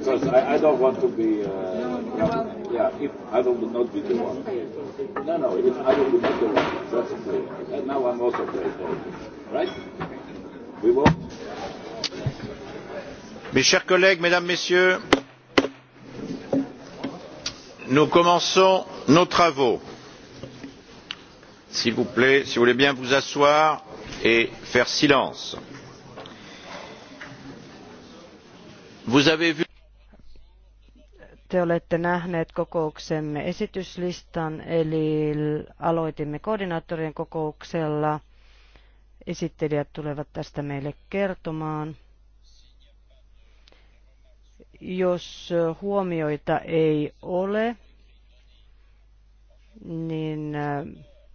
because I, I don't want to be. Uh, no, yeah, if I will not be the one. No, no, if I will be not the one, that's clear. And now I'm also playing right? We will. Mes chers collègues, mesdames, messieurs, nous commençons nos travaux. S'il vous plaît, si vous voulez bien vous asseoir et faire silence. vous avez vu te olette nähneet kokouksemme esityslistan, eli aloitimme koordinaattorien kokouksella. Esittelijät tulevat tästä meille kertomaan. Jos huomioita ei ole, niin äh,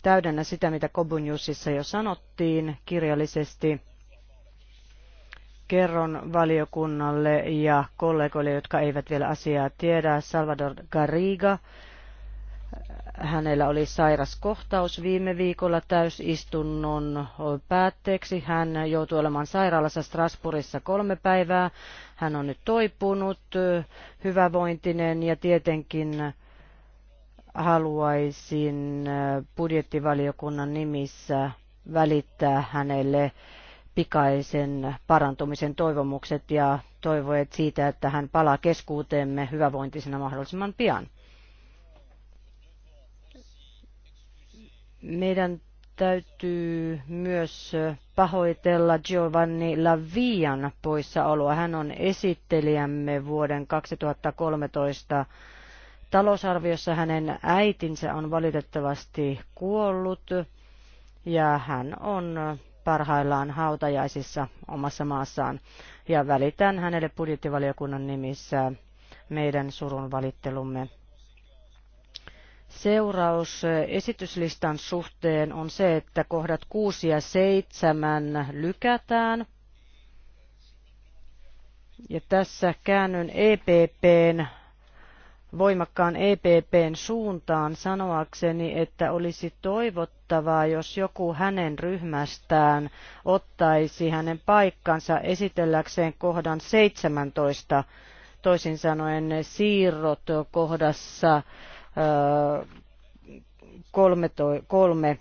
täydennä sitä, mitä Kobunjussissa jo sanottiin kirjallisesti kerron valiokunnalle ja kollegoille, jotka eivät vielä asiaa tiedä. Salvador Garriga, hänellä oli sairas kohtaus viime viikolla täysistunnon päätteeksi. Hän joutui olemaan sairaalassa Strasbourgissa kolme päivää. Hän on nyt toipunut, hyvävointinen ja tietenkin haluaisin budjettivaliokunnan nimissä välittää hänelle pikaisen parantumisen toivomukset ja toivoet siitä, että hän palaa keskuuteemme hyvävointisena mahdollisimman pian. Meidän täytyy myös pahoitella Giovanni Lavian poissaoloa. Hän on esittelijämme vuoden 2013 talousarviossa. Hänen äitinsä on valitettavasti kuollut ja hän on parhaillaan hautajaisissa omassa maassaan. Ja välitän hänelle budjettivaliokunnan nimissä meidän surun valittelumme. Seuraus esityslistan suhteen on se, että kohdat 6 ja 7 lykätään. Ja tässä käännyn EPPn voimakkaan EPPn suuntaan sanoakseni, että olisi toivottavaa, jos joku hänen ryhmästään ottaisi hänen paikkansa esitelläkseen kohdan 17, toisin sanoen siirrot kohdassa kolme, kolme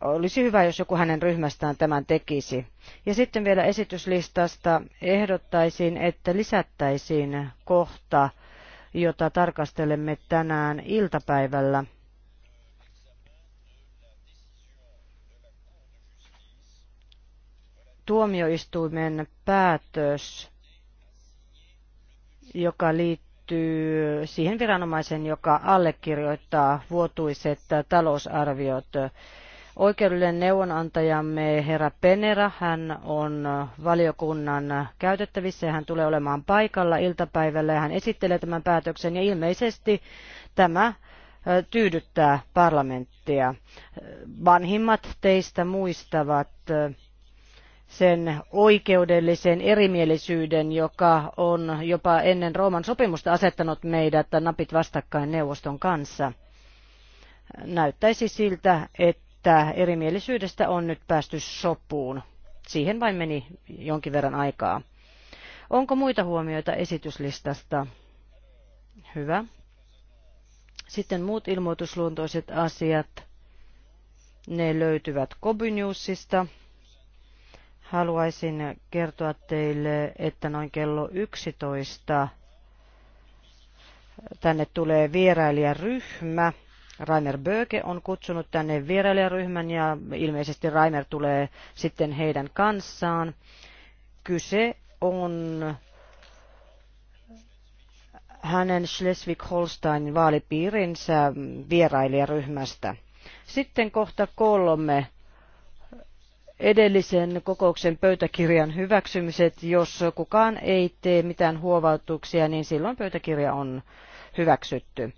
olisi hyvä, jos joku hänen ryhmästään tämän tekisi. Ja sitten vielä esityslistasta ehdottaisin, että lisättäisiin kohta jota tarkastelemme tänään iltapäivällä. Tuomioistuimen päätös, joka liittyy siihen viranomaisen, joka allekirjoittaa vuotuiset talousarviot Oikeudellinen neuvonantajamme herra Penera, hän on valiokunnan käytettävissä ja hän tulee olemaan paikalla iltapäivällä ja hän esittelee tämän päätöksen ja ilmeisesti tämä tyydyttää parlamenttia. Vanhimmat teistä muistavat sen oikeudellisen erimielisyyden, joka on jopa ennen Rooman sopimusta asettanut meidät napit vastakkain neuvoston kanssa. Näyttäisi siltä, että että erimielisyydestä on nyt päästy sopuun. Siihen vain meni jonkin verran aikaa. Onko muita huomioita esityslistasta? Hyvä. Sitten muut ilmoitusluontoiset asiat. Ne löytyvät Kobynewsista. Haluaisin kertoa teille, että noin kello 11 tänne tulee vierailijaryhmä Rainer Böke on kutsunut tänne vierailijaryhmän ja ilmeisesti Rainer tulee sitten heidän kanssaan. Kyse on hänen Schleswig-Holstein vaalipiirinsä vierailijaryhmästä. Sitten kohta kolme edellisen kokouksen pöytäkirjan hyväksymiset. Jos kukaan ei tee mitään huovautuksia, niin silloin pöytäkirja on hyväksytty.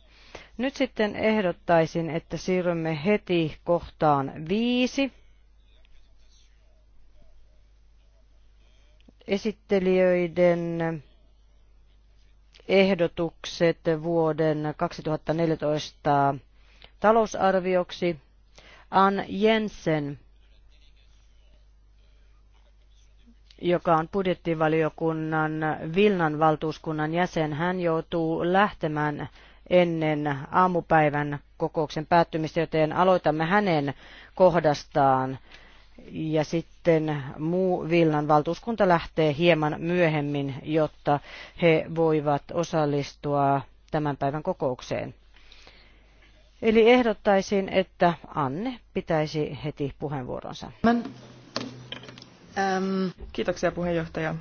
Nyt sitten ehdottaisin, että siirrymme heti kohtaan viisi. Esittelijöiden ehdotukset vuoden 2014 talousarvioksi. Ann Jensen, joka on budjettivaliokunnan Vilnan valtuuskunnan jäsen, hän joutuu lähtemään ennen aamupäivän kokouksen päättymistä, joten aloitamme hänen kohdastaan. Ja sitten muu Vilnan valtuuskunta lähtee hieman myöhemmin, jotta he voivat osallistua tämän päivän kokoukseen. Eli ehdottaisin, että Anne pitäisi heti puheenvuoronsa. Kiitoksia puheenjohtaja.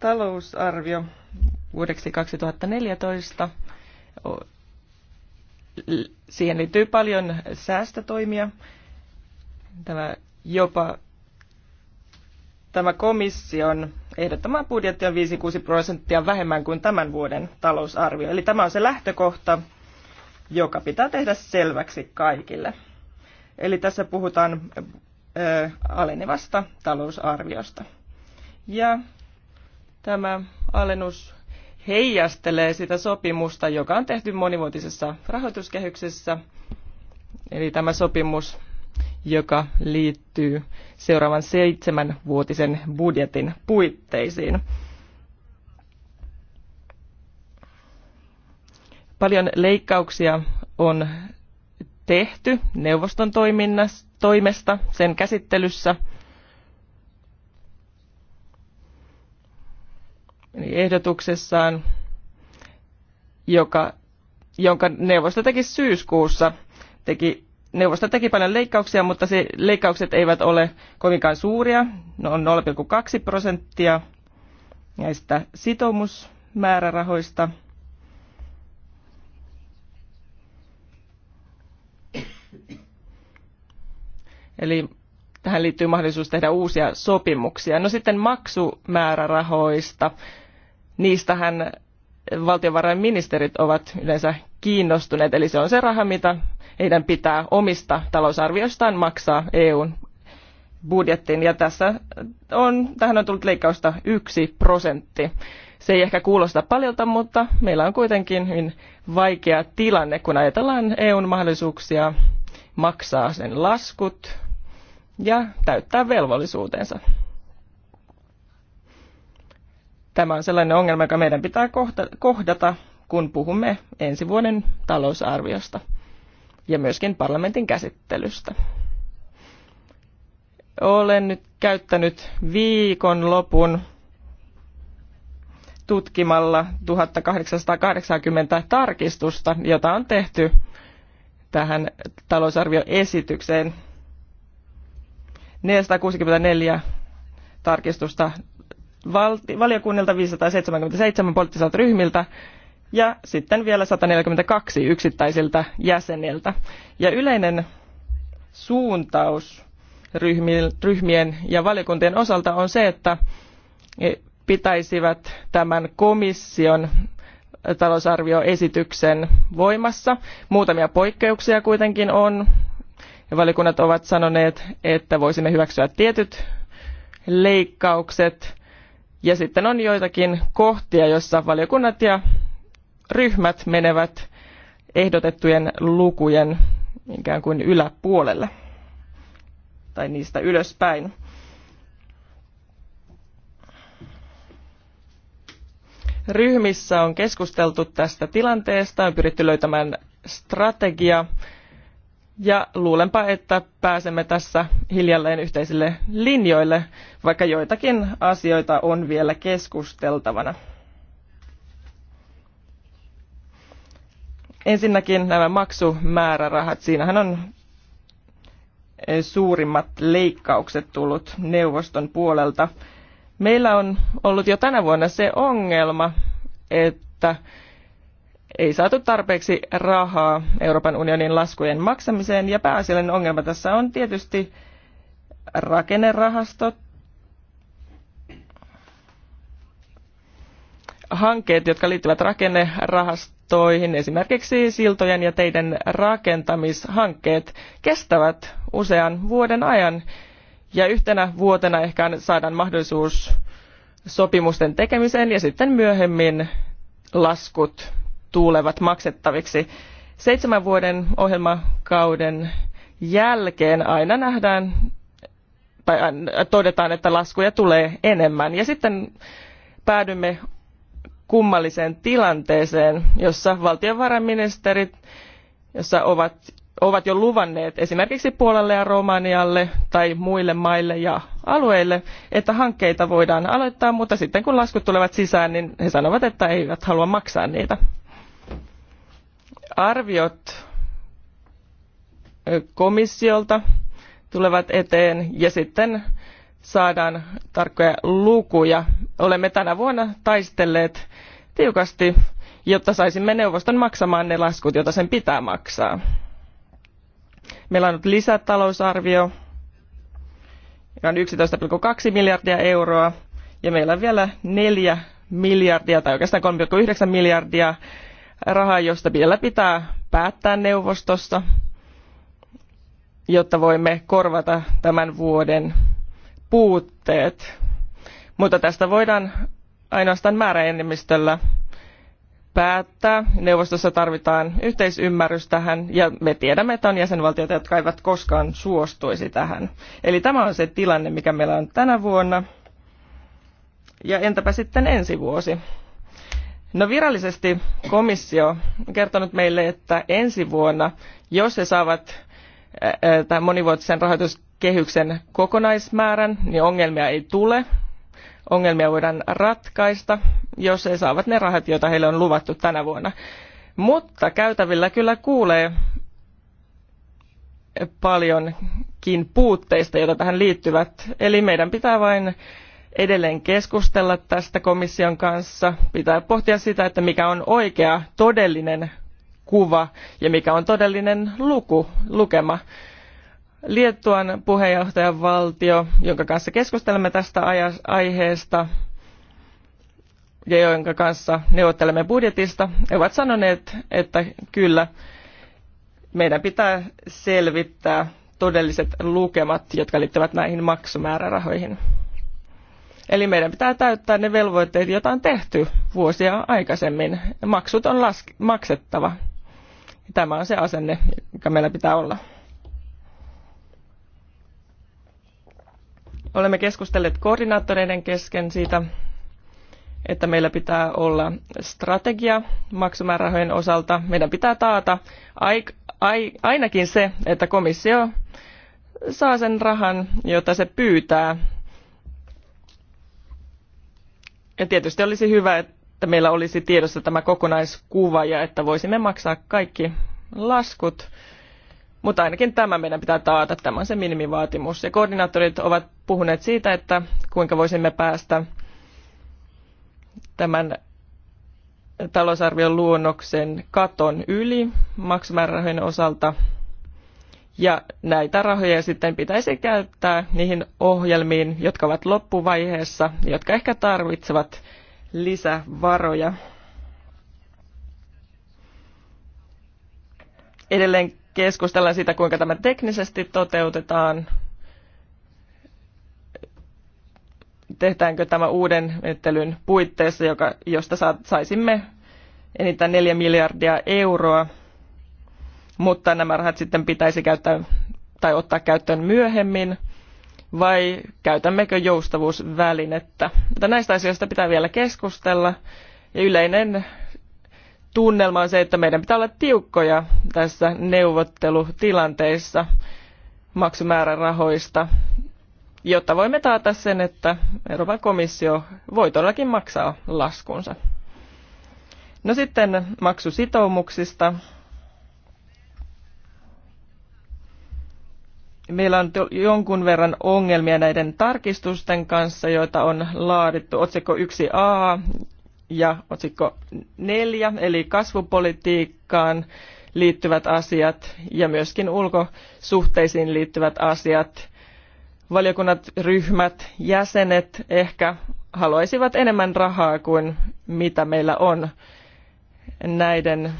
Talousarvio vuodeksi 2014. Siihen liittyy paljon säästötoimia. Tämä jopa tämä komission ehdottama budjetti on 5-6 prosenttia vähemmän kuin tämän vuoden talousarvio. Eli tämä on se lähtökohta, joka pitää tehdä selväksi kaikille. Eli tässä puhutaan ö, alenevasta talousarviosta. Ja tämä alennus heijastelee sitä sopimusta, joka on tehty monivuotisessa rahoituskehyksessä. Eli tämä sopimus, joka liittyy seuraavan seitsemänvuotisen budjetin puitteisiin. Paljon leikkauksia on tehty neuvoston toiminnasta, toimesta, sen käsittelyssä – ehdotuksessaan, joka, jonka neuvosto teki syyskuussa. Teki, neuvosto teki paljon leikkauksia, mutta se, leikkaukset eivät ole kovinkaan suuria. Ne on 0,2 prosenttia näistä sitoumusmäärärahoista. Eli tähän liittyy mahdollisuus tehdä uusia sopimuksia. No sitten maksumäärärahoista niistähän valtiovarainministerit ovat yleensä kiinnostuneet. Eli se on se raha, mitä heidän pitää omista talousarvioistaan maksaa EUn budjettiin. Ja tässä on, tähän on tullut leikkausta yksi prosentti. Se ei ehkä kuulosta paljolta, mutta meillä on kuitenkin hyvin vaikea tilanne, kun ajatellaan EUn mahdollisuuksia maksaa sen laskut ja täyttää velvollisuutensa. Tämä on sellainen ongelma, joka meidän pitää kohdata, kun puhumme ensi vuoden talousarviosta ja myöskin parlamentin käsittelystä. Olen nyt käyttänyt viikon lopun tutkimalla 1880 tarkistusta, jota on tehty tähän talousarvioesitykseen. 464 tarkistusta valiokunnilta, 577 poliittiselta ryhmiltä ja sitten vielä 142 yksittäisiltä jäseniltä. Ja yleinen suuntaus ryhmien ja valiokuntien osalta on se, että e, pitäisivät tämän komission talousarvioesityksen voimassa. Muutamia poikkeuksia kuitenkin on. Ja valiokunnat ovat sanoneet, että voisimme hyväksyä tietyt leikkaukset ja sitten on joitakin kohtia, joissa valiokunnat ja ryhmät menevät ehdotettujen lukujen ikään kuin yläpuolelle tai niistä ylöspäin. Ryhmissä on keskusteltu tästä tilanteesta, on pyritty löytämään strategia ja luulenpa, että pääsemme tässä hiljalleen yhteisille linjoille, vaikka joitakin asioita on vielä keskusteltavana. Ensinnäkin nämä maksumäärärahat. Siinähän on eh, suurimmat leikkaukset tullut neuvoston puolelta. Meillä on ollut jo tänä vuonna se ongelma, että ei saatu tarpeeksi rahaa Euroopan unionin laskujen maksamiseen ja pääasiallinen ongelma tässä on tietysti rakennerahastot, hankkeet, jotka liittyvät rakennerahastoihin, esimerkiksi siltojen ja teiden rakentamishankkeet, kestävät usean vuoden ajan ja yhtenä vuotena ehkä saadaan mahdollisuus sopimusten tekemiseen ja sitten myöhemmin laskut tulevat maksettaviksi. Seitsemän vuoden ohjelmakauden jälkeen aina nähdään tai todetaan, että laskuja tulee enemmän. Ja sitten päädymme kummalliseen tilanteeseen, jossa valtiovarainministerit, jossa ovat, ovat jo luvanneet esimerkiksi Puolalle ja Romanialle tai muille maille ja alueille, että hankkeita voidaan aloittaa, mutta sitten kun laskut tulevat sisään, niin he sanovat, että eivät halua maksaa niitä arviot komissiolta tulevat eteen ja sitten saadaan tarkkoja lukuja. Olemme tänä vuonna taistelleet tiukasti, jotta saisimme neuvoston maksamaan ne laskut, joita sen pitää maksaa. Meillä on nyt lisätalousarvio, joka on 11,2 miljardia euroa, ja meillä on vielä neljä miljardia tai oikeastaan 3,9 miljardia rahaa, josta vielä pitää päättää neuvostossa, jotta voimme korvata tämän vuoden puutteet. Mutta tästä voidaan ainoastaan määräenemmistöllä päättää. Neuvostossa tarvitaan yhteisymmärrys tähän ja me tiedämme, että on jäsenvaltioita, jotka eivät koskaan suostuisi tähän. Eli tämä on se tilanne, mikä meillä on tänä vuonna. Ja entäpä sitten ensi vuosi? No virallisesti komissio on kertonut meille, että ensi vuonna, jos he saavat tämän monivuotisen rahoituskehyksen kokonaismäärän, niin ongelmia ei tule. Ongelmia voidaan ratkaista, jos he saavat ne rahat, joita heille on luvattu tänä vuonna. Mutta käytävillä kyllä kuulee paljonkin puutteista, joita tähän liittyvät. Eli meidän pitää vain edelleen keskustella tästä komission kanssa. Pitää pohtia sitä, että mikä on oikea todellinen kuva ja mikä on todellinen luku, lukema. Liettuan puheenjohtajavaltio, jonka kanssa keskustelemme tästä aiheesta ja jonka kanssa neuvottelemme budjetista, ovat sanoneet, että kyllä, meidän pitää selvittää todelliset lukemat, jotka liittyvät näihin maksumäärärahoihin. Eli meidän pitää täyttää ne velvoitteet, joita on tehty vuosia aikaisemmin. Maksut on laske- maksettava. Tämä on se asenne, joka meillä pitää olla. Olemme keskustelleet koordinaattoreiden kesken siitä, että meillä pitää olla strategia maksumäärärahojen osalta. Meidän pitää taata ainakin se, että komissio saa sen rahan, jota se pyytää ja tietysti olisi hyvä, että meillä olisi tiedossa tämä kokonaiskuva ja että voisimme maksaa kaikki laskut. Mutta ainakin tämä meidän pitää taata, tämä on se minimivaatimus. Ja koordinaattorit ovat puhuneet siitä, että kuinka voisimme päästä tämän talousarvion luonnoksen katon yli maksumäärärahojen osalta ja näitä rahoja sitten pitäisi käyttää niihin ohjelmiin, jotka ovat loppuvaiheessa, jotka ehkä tarvitsevat lisävaroja. Edelleen keskustellaan siitä, kuinka tämä teknisesti toteutetaan. Tehdäänkö tämä uuden menettelyn puitteissa, joka, josta saisimme enintään 4 miljardia euroa – mutta nämä rahat sitten pitäisi käyttää tai ottaa käyttöön myöhemmin vai käytämmekö joustavuusvälinettä. Mutta näistä asioista pitää vielä keskustella ja yleinen tunnelma on se, että meidän pitää olla tiukkoja tässä neuvottelutilanteissa maksumäärärahoista, jotta voimme taata sen, että Euroopan komissio voi todellakin maksaa laskunsa. No sitten maksusitoumuksista. Meillä on jonkun verran ongelmia näiden tarkistusten kanssa, joita on laadittu otsikko 1a ja otsikko 4, eli kasvupolitiikkaan liittyvät asiat ja myöskin ulkosuhteisiin liittyvät asiat. Valiokunnat, ryhmät, jäsenet ehkä haluaisivat enemmän rahaa kuin mitä meillä on näiden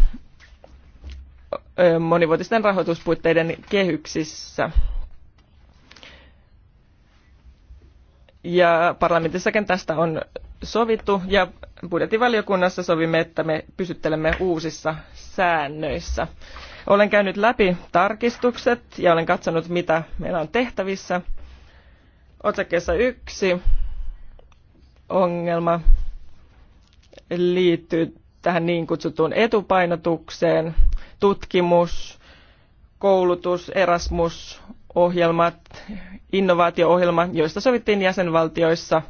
monivuotisten rahoituspuitteiden kehyksissä. ja parlamentissakin tästä on sovittu ja budjettivaliokunnassa sovimme, että me pysyttelemme uusissa säännöissä. Olen käynyt läpi tarkistukset ja olen katsonut, mitä meillä on tehtävissä. Otsakkeessa yksi ongelma liittyy tähän niin kutsuttuun etupainotukseen, tutkimus, koulutus, Erasmus, ohjelmat, innovaatio-ohjelma, joista sovittiin jäsenvaltioissa.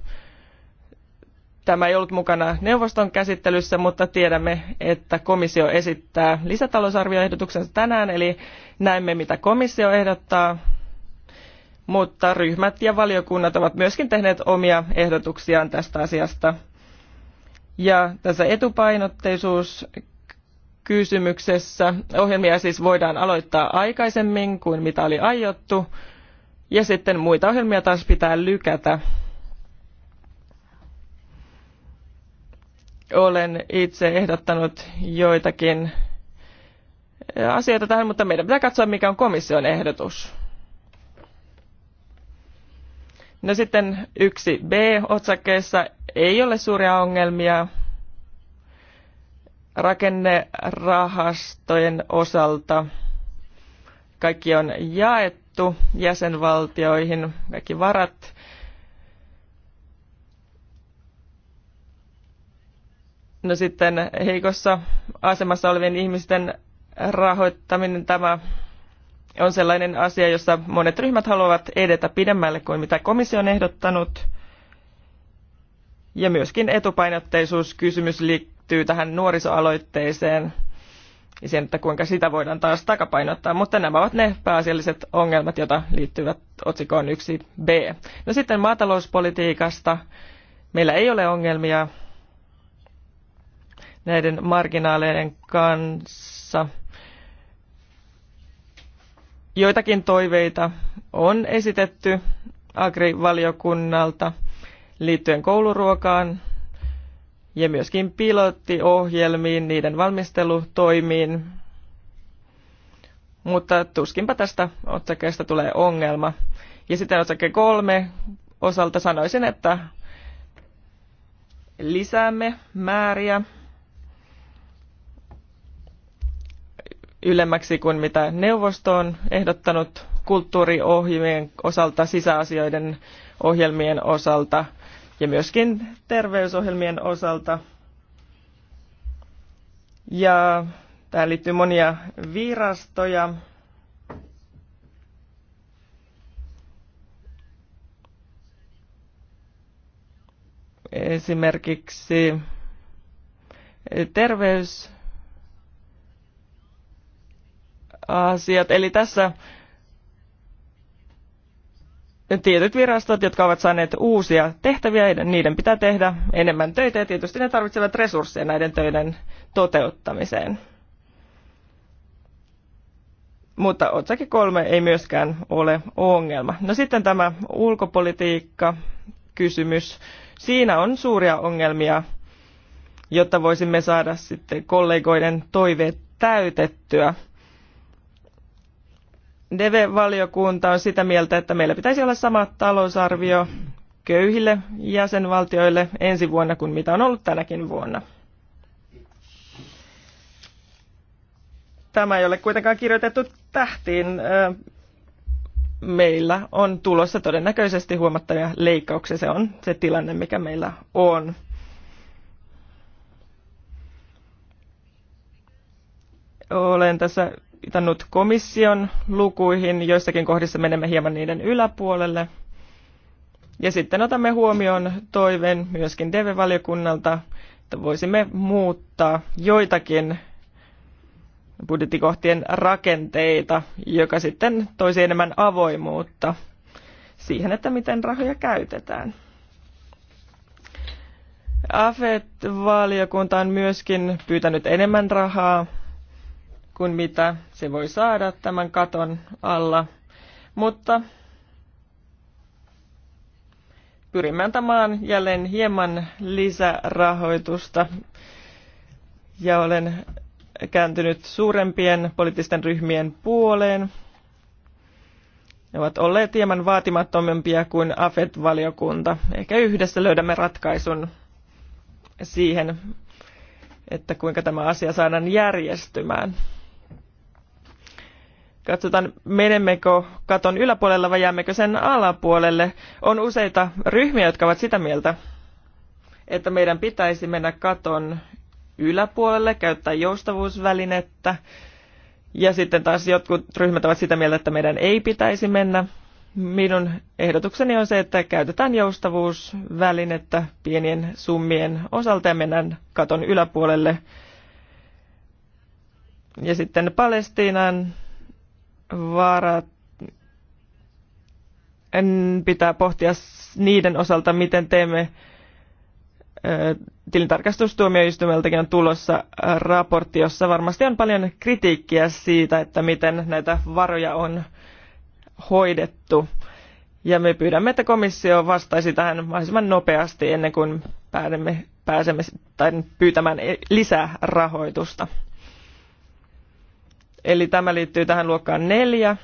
Tämä ei ollut mukana neuvoston käsittelyssä, mutta tiedämme, että komissio esittää lisätalousarvioehdotuksensa tänään, eli näemme mitä komissio ehdottaa. Mutta ryhmät ja valiokunnat ovat myöskin tehneet omia ehdotuksiaan tästä asiasta. Ja tässä etupainotteisuus kysymyksessä. Ohjelmia siis voidaan aloittaa aikaisemmin kuin mitä oli aiottu, ja sitten muita ohjelmia taas pitää lykätä. Olen itse ehdottanut joitakin eh, asioita tähän, mutta meidän pitää katsoa, mikä on komission ehdotus. No sitten yksi B-otsakkeessa ei ole suuria ongelmia rakennerahastojen osalta kaikki on jaettu jäsenvaltioihin, kaikki varat. No sitten heikossa asemassa olevien ihmisten rahoittaminen, tämä on sellainen asia, jossa monet ryhmät haluavat edetä pidemmälle kuin mitä komissio on ehdottanut. Ja myöskin etupainotteisuuskysymys liittyy tähän nuorisoaloitteeseen ja sen, että kuinka sitä voidaan taas takapainottaa. Mutta nämä ovat ne pääasialliset ongelmat, joita liittyvät otsikoon 1b. No sitten maatalouspolitiikasta. Meillä ei ole ongelmia näiden marginaaleiden kanssa. Joitakin toiveita on esitetty agrivaliokunnalta liittyen kouluruokaan, ja myöskin pilottiohjelmiin, niiden valmistelutoimiin. Mutta tuskinpa tästä otsakeesta tulee ongelma. Ja sitten otsake kolme osalta sanoisin, että lisäämme määriä ylemmäksi kuin mitä neuvosto on ehdottanut kulttuuriohjelmien osalta, sisäasioiden ohjelmien osalta – ja myöskin terveysohjelmien osalta. Ja tähän liittyy monia virastoja. Esimerkiksi terveysasiat. Eli tässä tietyt virastot, jotka ovat saaneet uusia tehtäviä, niiden pitää tehdä enemmän töitä ja tietysti ne tarvitsevat resursseja näiden töiden toteuttamiseen. Mutta otsake kolme ei myöskään ole ongelma. No sitten tämä ulkopolitiikka kysymys. Siinä on suuria ongelmia, jotta voisimme saada sitten kollegoiden toiveet täytettyä DV-valiokunta on sitä mieltä, että meillä pitäisi olla sama talousarvio köyhille jäsenvaltioille ensi vuonna kuin mitä on ollut tänäkin vuonna. Tämä ei ole kuitenkaan kirjoitettu tähtiin. Meillä on tulossa todennäköisesti huomattavia leikkauksia. Se on se tilanne, mikä meillä on. Olen tässä viitannut komission lukuihin, joissakin kohdissa menemme hieman niiden yläpuolelle. Ja sitten otamme huomioon toiveen myöskin DV-valiokunnalta, että voisimme muuttaa joitakin budjettikohtien rakenteita, joka sitten toisi enemmän avoimuutta siihen, että miten rahoja käytetään. AFET-valiokunta on myöskin pyytänyt enemmän rahaa kuin mitä se voi saada tämän katon alla, mutta pyrimme antamaan jälleen hieman lisärahoitusta ja olen kääntynyt suurempien poliittisten ryhmien puoleen. Ne ovat olleet hieman vaatimattomampia kuin AFET-valiokunta. Ehkä yhdessä löydämme ratkaisun siihen, että kuinka tämä asia saadaan järjestymään katsotaan menemmekö katon yläpuolella vai jäämmekö sen alapuolelle. On useita ryhmiä, jotka ovat sitä mieltä, että meidän pitäisi mennä katon yläpuolelle, käyttää joustavuusvälinettä. Ja sitten taas jotkut ryhmät ovat sitä mieltä, että meidän ei pitäisi mennä. Minun ehdotukseni on se, että käytetään joustavuusvälinettä pienien summien osalta ja mennään katon yläpuolelle. Ja sitten Palestiinan varat pitää pohtia niiden osalta, miten teemme tilintarkastustuomioistumeltakin on tulossa raportti, jossa varmasti on paljon kritiikkiä siitä, että miten näitä varoja on hoidettu. Ja me pyydämme, että komissio vastaisi tähän mahdollisimman nopeasti ennen kuin pääsemme, pääsemme tai pyytämään e- lisää rahoitusta. Eli tämä liittyy tähän luokkaan neljä.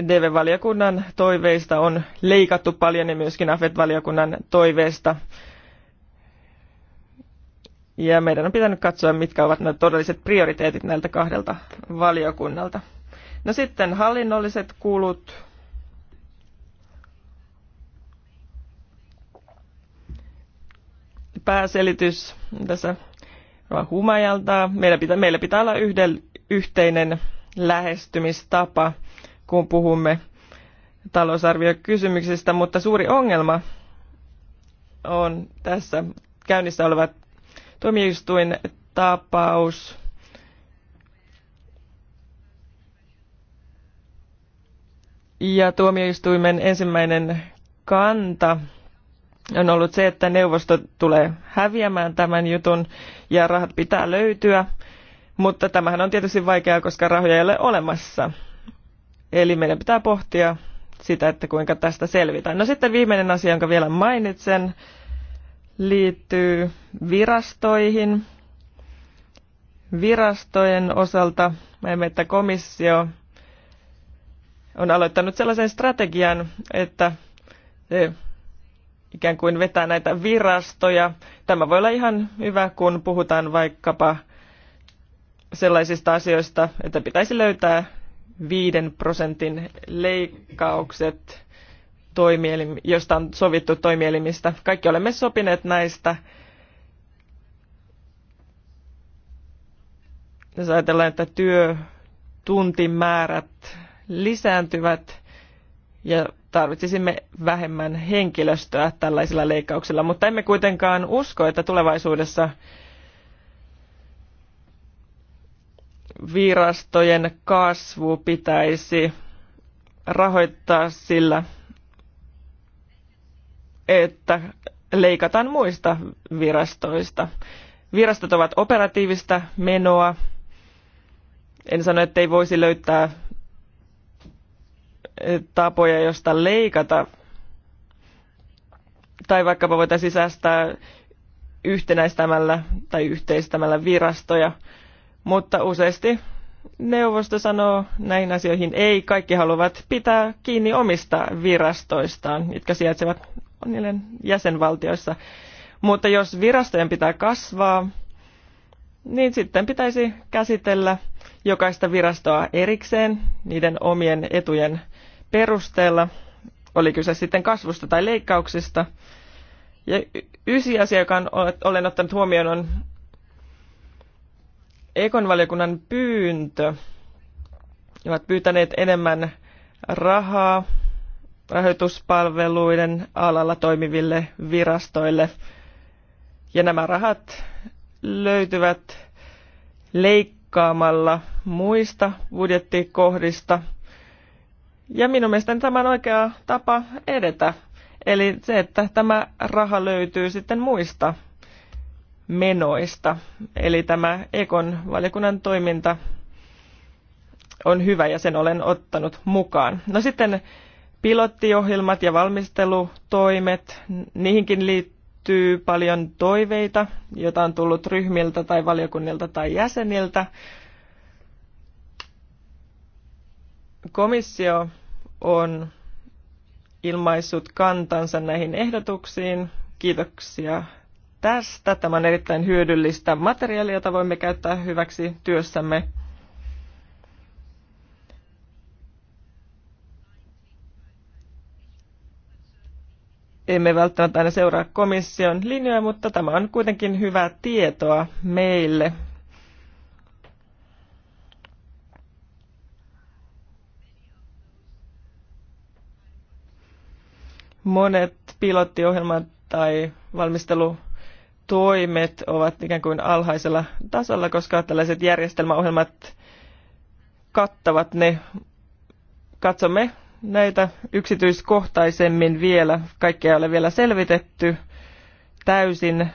DV-valiokunnan toiveista on leikattu paljon ja myöskin AFET-valiokunnan toiveista. Ja meidän on pitänyt katsoa, mitkä ovat nämä todelliset prioriteetit näiltä kahdelta valiokunnalta. No sitten hallinnolliset kulut. Pääselitys tässä humajalta. Meillä pitää, meillä pitää olla yhden, yhteinen lähestymistapa, kun puhumme talousarviokysymyksistä, mutta suuri ongelma on tässä käynnissä oleva tuomioistuin tapaus. Ja tuomioistuimen ensimmäinen kanta on ollut se, että neuvosto tulee häviämään tämän jutun ja rahat pitää löytyä, mutta tämähän on tietysti vaikeaa, koska rahoja ei ole olemassa. Eli meidän pitää pohtia sitä, että kuinka tästä selvitään. No sitten viimeinen asia, jonka vielä mainitsen, liittyy virastoihin. Virastojen osalta näemme, että komissio on aloittanut sellaisen strategian, että se ikään kuin vetää näitä virastoja. Tämä voi olla ihan hyvä, kun puhutaan vaikkapa sellaisista asioista, että pitäisi löytää viiden prosentin leikkaukset, toimielim- josta on sovittu toimielimistä. Kaikki olemme sopineet näistä. Jos ajatellaan, että työtuntimäärät lisääntyvät ja tarvitsisimme vähemmän henkilöstöä tällaisilla leikkauksilla, mutta emme kuitenkaan usko, että tulevaisuudessa virastojen kasvu pitäisi rahoittaa sillä, että leikataan muista virastoista. Virastot ovat operatiivista menoa. En sano, että ei voisi löytää tapoja, josta leikata. Tai vaikkapa voitaisiin säästää yhtenäistämällä tai yhteistämällä virastoja. Mutta useasti neuvosto sanoo näihin asioihin ei. Kaikki haluavat pitää kiinni omista virastoistaan, jotka sijaitsevat niiden jäsenvaltioissa. Mutta jos virastojen pitää kasvaa, niin sitten pitäisi käsitellä jokaista virastoa erikseen niiden omien etujen perusteella, oli kyse sitten kasvusta tai leikkauksista. Ja ysi asia, joka on olen ottanut huomioon, on Ekon valiokunnan pyyntö. He ovat pyytäneet enemmän rahaa rahoituspalveluiden alalla toimiville virastoille. Ja nämä rahat löytyvät leikkaamalla muista budjettikohdista – ja minun mielestäni tämä on oikea tapa edetä. Eli se, että tämä raha löytyy sitten muista menoista. Eli tämä Ekon valiokunnan toiminta on hyvä ja sen olen ottanut mukaan. No sitten pilottiohjelmat ja valmistelutoimet, niihinkin liittyy paljon toiveita, joita on tullut ryhmiltä tai valiokunnilta tai jäseniltä. Komissio on ilmaissut kantansa näihin ehdotuksiin. Kiitoksia tästä. Tämä on erittäin hyödyllistä materiaalia, jota voimme käyttää hyväksi työssämme. Emme välttämättä aina seuraa komission linjoja, mutta tämä on kuitenkin hyvää tietoa meille monet pilottiohjelmat tai valmistelutoimet ovat ikään kuin alhaisella tasolla, koska tällaiset järjestelmäohjelmat kattavat ne. Katsomme näitä yksityiskohtaisemmin vielä. Kaikkea ei ole vielä selvitetty täysin,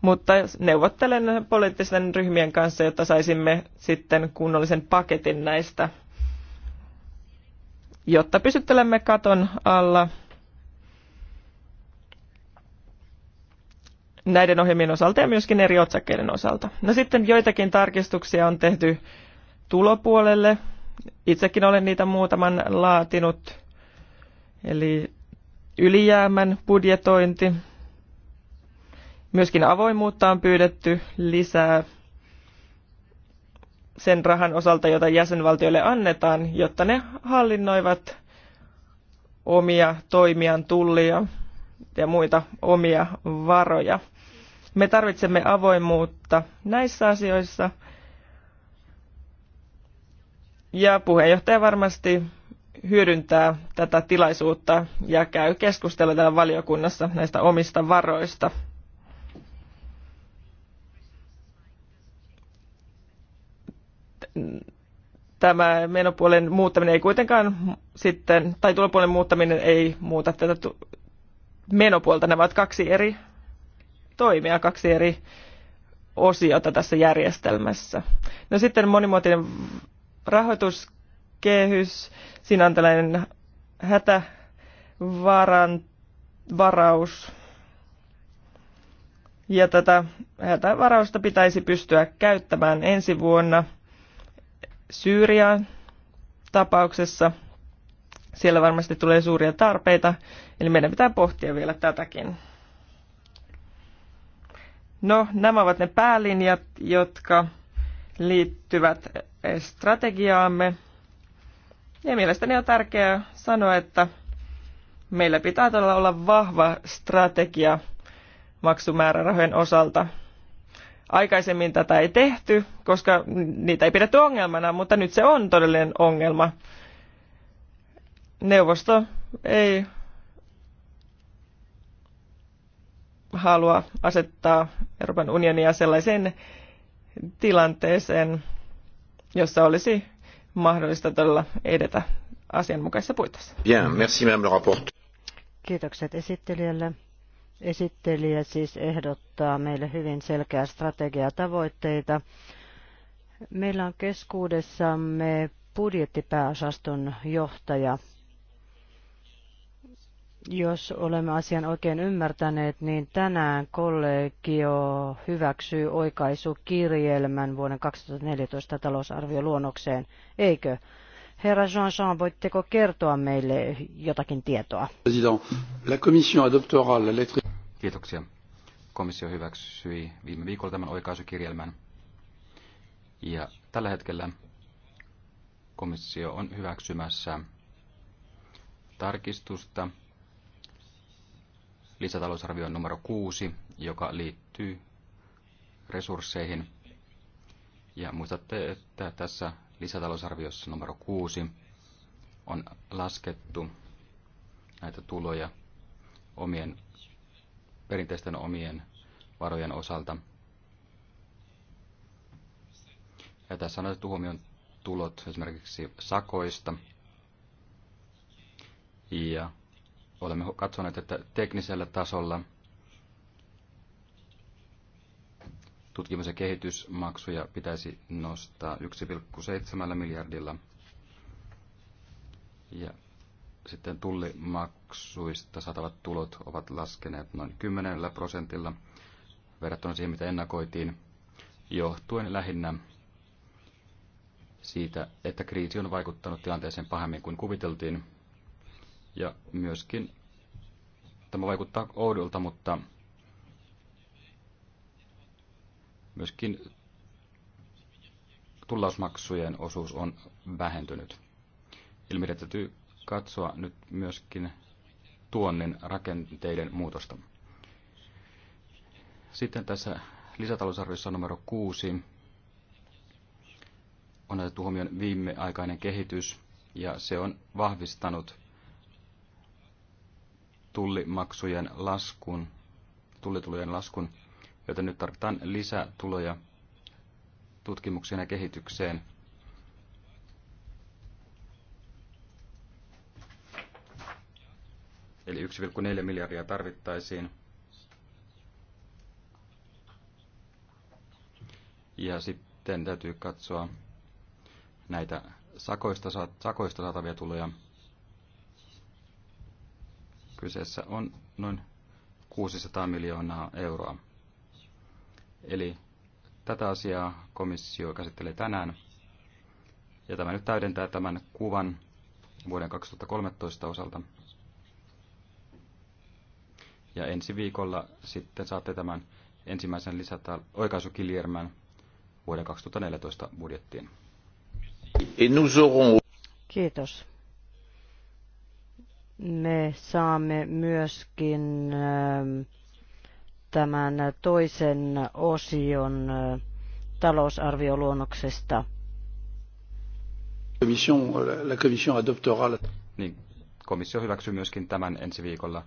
mutta neuvottelen poliittisten ryhmien kanssa, jotta saisimme sitten kunnollisen paketin näistä, jotta pysyttelemme katon alla – näiden ohjelmien osalta ja myöskin eri otsakkeiden osalta. No sitten joitakin tarkistuksia on tehty tulopuolelle. Itsekin olen niitä muutaman laatinut. Eli ylijäämän budjetointi. Myöskin avoimuutta on pyydetty lisää sen rahan osalta, jota jäsenvaltioille annetaan, jotta ne hallinnoivat omia toimiaan tullia ja muita omia varoja. Me tarvitsemme avoimuutta näissä asioissa. Ja puheenjohtaja varmasti hyödyntää tätä tilaisuutta ja käy keskustelua täällä valiokunnassa näistä omista varoista. Tämä menopuolen muuttaminen ei kuitenkaan sitten, tai tulopuolen muuttaminen ei muuta tätä menopuolta. Nämä ovat kaksi eri toimia, kaksi eri osiota tässä järjestelmässä. No sitten monimuotoinen rahoituskehys, siinä on tällainen hätävaraus, ja tätä hätävarausta pitäisi pystyä käyttämään ensi vuonna Syyrian tapauksessa. Siellä varmasti tulee suuria tarpeita, eli meidän pitää pohtia vielä tätäkin. No, nämä ovat ne päälinjat, jotka liittyvät strategiaamme. Ja mielestäni on tärkeää sanoa, että meillä pitää todella olla vahva strategia maksumäärärahojen osalta. Aikaisemmin tätä ei tehty, koska niitä ei pidetty ongelmana, mutta nyt se on todellinen ongelma. Neuvosto ei halua asettaa Euroopan unionia sellaiseen tilanteeseen, jossa olisi mahdollista todella edetä asianmukaisessa puitteissa. Bien, merci madame le Kiitokset esittelijälle. Esittelijä siis ehdottaa meille hyvin selkeää strategiaa tavoitteita. Meillä on keskuudessamme budjettipääosaston johtaja jos olemme asian oikein ymmärtäneet, niin tänään kollegio hyväksyy oikaisukirjelmän vuoden 2014 talousarvioluonnokseen, eikö? Herra Jean-Jean, voitteko kertoa meille jotakin tietoa? Kiitoksia. Komissio hyväksyi viime viikolla tämän oikaisukirjelmän. Ja tällä hetkellä komissio on hyväksymässä tarkistusta lisätalousarvio numero 6, joka liittyy resursseihin. Ja muistatte, että tässä lisätalousarviossa numero 6 on laskettu näitä tuloja omien perinteisten omien varojen osalta. Ja tässä on otettu huomioon tulot esimerkiksi sakoista ja olemme katsoneet, että teknisellä tasolla tutkimus- ja kehitysmaksuja pitäisi nostaa 1,7 miljardilla. Ja sitten tullimaksuista saatavat tulot ovat laskeneet noin 10 prosentilla verrattuna siihen, mitä ennakoitiin, johtuen lähinnä siitä, että kriisi on vaikuttanut tilanteeseen pahemmin kuin kuviteltiin ja myöskin tämä vaikuttaa oudolta, mutta myöskin tullausmaksujen osuus on vähentynyt. Ilmeisesti täytyy katsoa nyt myöskin tuonnin rakenteiden muutosta. Sitten tässä lisätalousarviossa numero 6 on otettu huomioon viimeaikainen kehitys, ja se on vahvistanut tullimaksujen laskun, tullitulojen laskun, joten nyt tarvitaan lisätuloja tutkimukseen ja kehitykseen. Eli 1,4 miljardia tarvittaisiin. Ja sitten täytyy katsoa näitä sakoista, sakoista saatavia tuloja. Kyseessä on noin 600 miljoonaa euroa. Eli tätä asiaa komissio käsittelee tänään. Ja tämä nyt täydentää tämän kuvan vuoden 2013 osalta. Ja ensi viikolla sitten saatte tämän ensimmäisen lisätä oikaisukiljärmän vuoden 2014 budjettiin. Kiitos me saamme myöskin ähm, tämän toisen osion äh, talousarvioluonnoksesta. Äh, niin, komissio hyväksyy myöskin tämän ensi viikolla,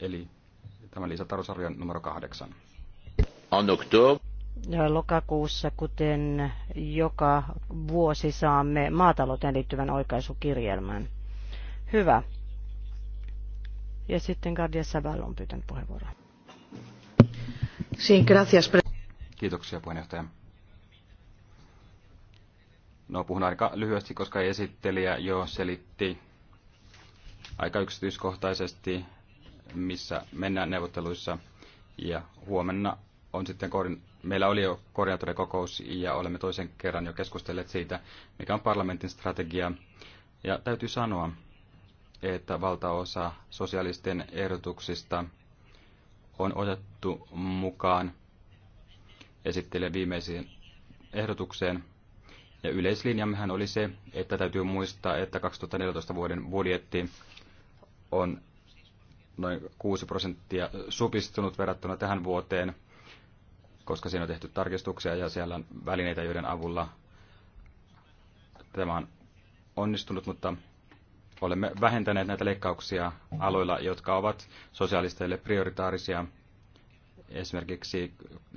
eli tämän lisätalousarvion numero kahdeksan. En octobre. Lokakuussa, kuten joka vuosi, saamme maatalouteen liittyvän oikaisukirjelmän. Hyvä. Ja sitten Gardia Sabal on pyytänyt puheenvuoroa. Kiitoksia puheenjohtaja. No puhun aika lyhyesti, koska esittelijä jo selitti aika yksityiskohtaisesti, missä mennään neuvotteluissa. Ja huomenna on sitten, meillä oli jo koordinaatorikokous ja olemme toisen kerran jo keskustelleet siitä, mikä on parlamentin strategia. Ja täytyy sanoa, että valtaosa sosialistien ehdotuksista on otettu mukaan esittelen viimeisiin ehdotukseen. Ja yleislinjammehän oli se, että täytyy muistaa, että 2014 vuoden budjetti on noin 6 prosenttia supistunut verrattuna tähän vuoteen, koska siinä on tehty tarkistuksia ja siellä on välineitä, joiden avulla tämä on onnistunut, mutta olemme vähentäneet näitä leikkauksia aloilla, jotka ovat sosiaalisteille prioritaarisia, esimerkiksi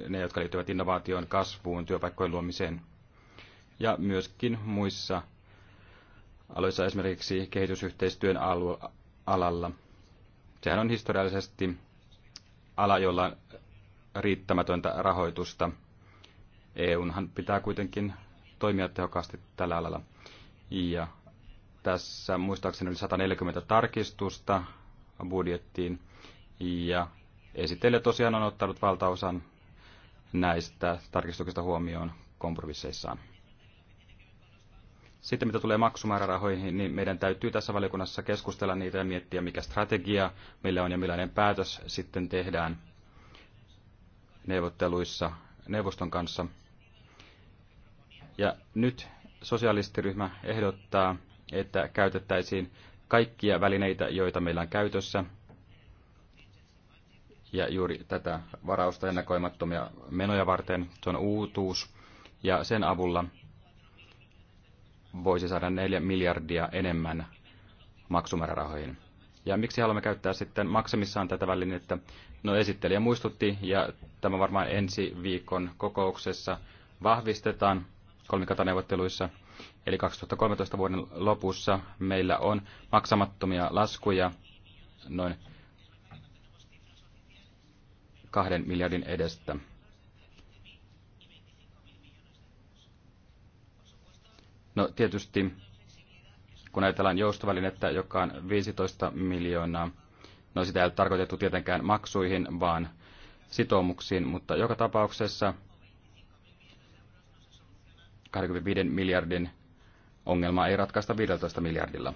ne, jotka liittyvät innovaatioon, kasvuun, työpaikkojen luomiseen ja myöskin muissa aloissa, esimerkiksi kehitysyhteistyön alalla. Sehän on historiallisesti ala, jolla on riittämätöntä rahoitusta. EUnhan pitää kuitenkin toimia tehokkaasti tällä alalla. Ja tässä muistaakseni oli 140 tarkistusta budjettiin ja esittelijä tosiaan on ottanut valtaosan näistä tarkistuksista huomioon kompromisseissaan. Sitten mitä tulee maksumäärärahoihin, niin meidän täytyy tässä valiokunnassa keskustella niitä ja miettiä, mikä strategia meillä on ja millainen päätös sitten tehdään neuvotteluissa neuvoston kanssa. Ja nyt sosialistiryhmä ehdottaa, että käytettäisiin kaikkia välineitä, joita meillä on käytössä, ja juuri tätä varausta ennakoimattomia menoja varten. Se on uutuus, ja sen avulla voisi saada 4 miljardia enemmän maksumäärärahoihin. Ja miksi haluamme käyttää sitten maksamissaan tätä välinettä? No esittelijä muistutti, ja tämä varmaan ensi viikon kokouksessa vahvistetaan kolmikataneuvotteluissa. Eli 2013 vuoden lopussa meillä on maksamattomia laskuja noin kahden miljardin edestä. No tietysti, kun ajatellaan joustovälinettä, joka on 15 miljoonaa, no sitä ei ole tarkoitettu tietenkään maksuihin, vaan sitoumuksiin, mutta joka tapauksessa – 25 miljardin ongelmaa ei ratkaista 15 miljardilla.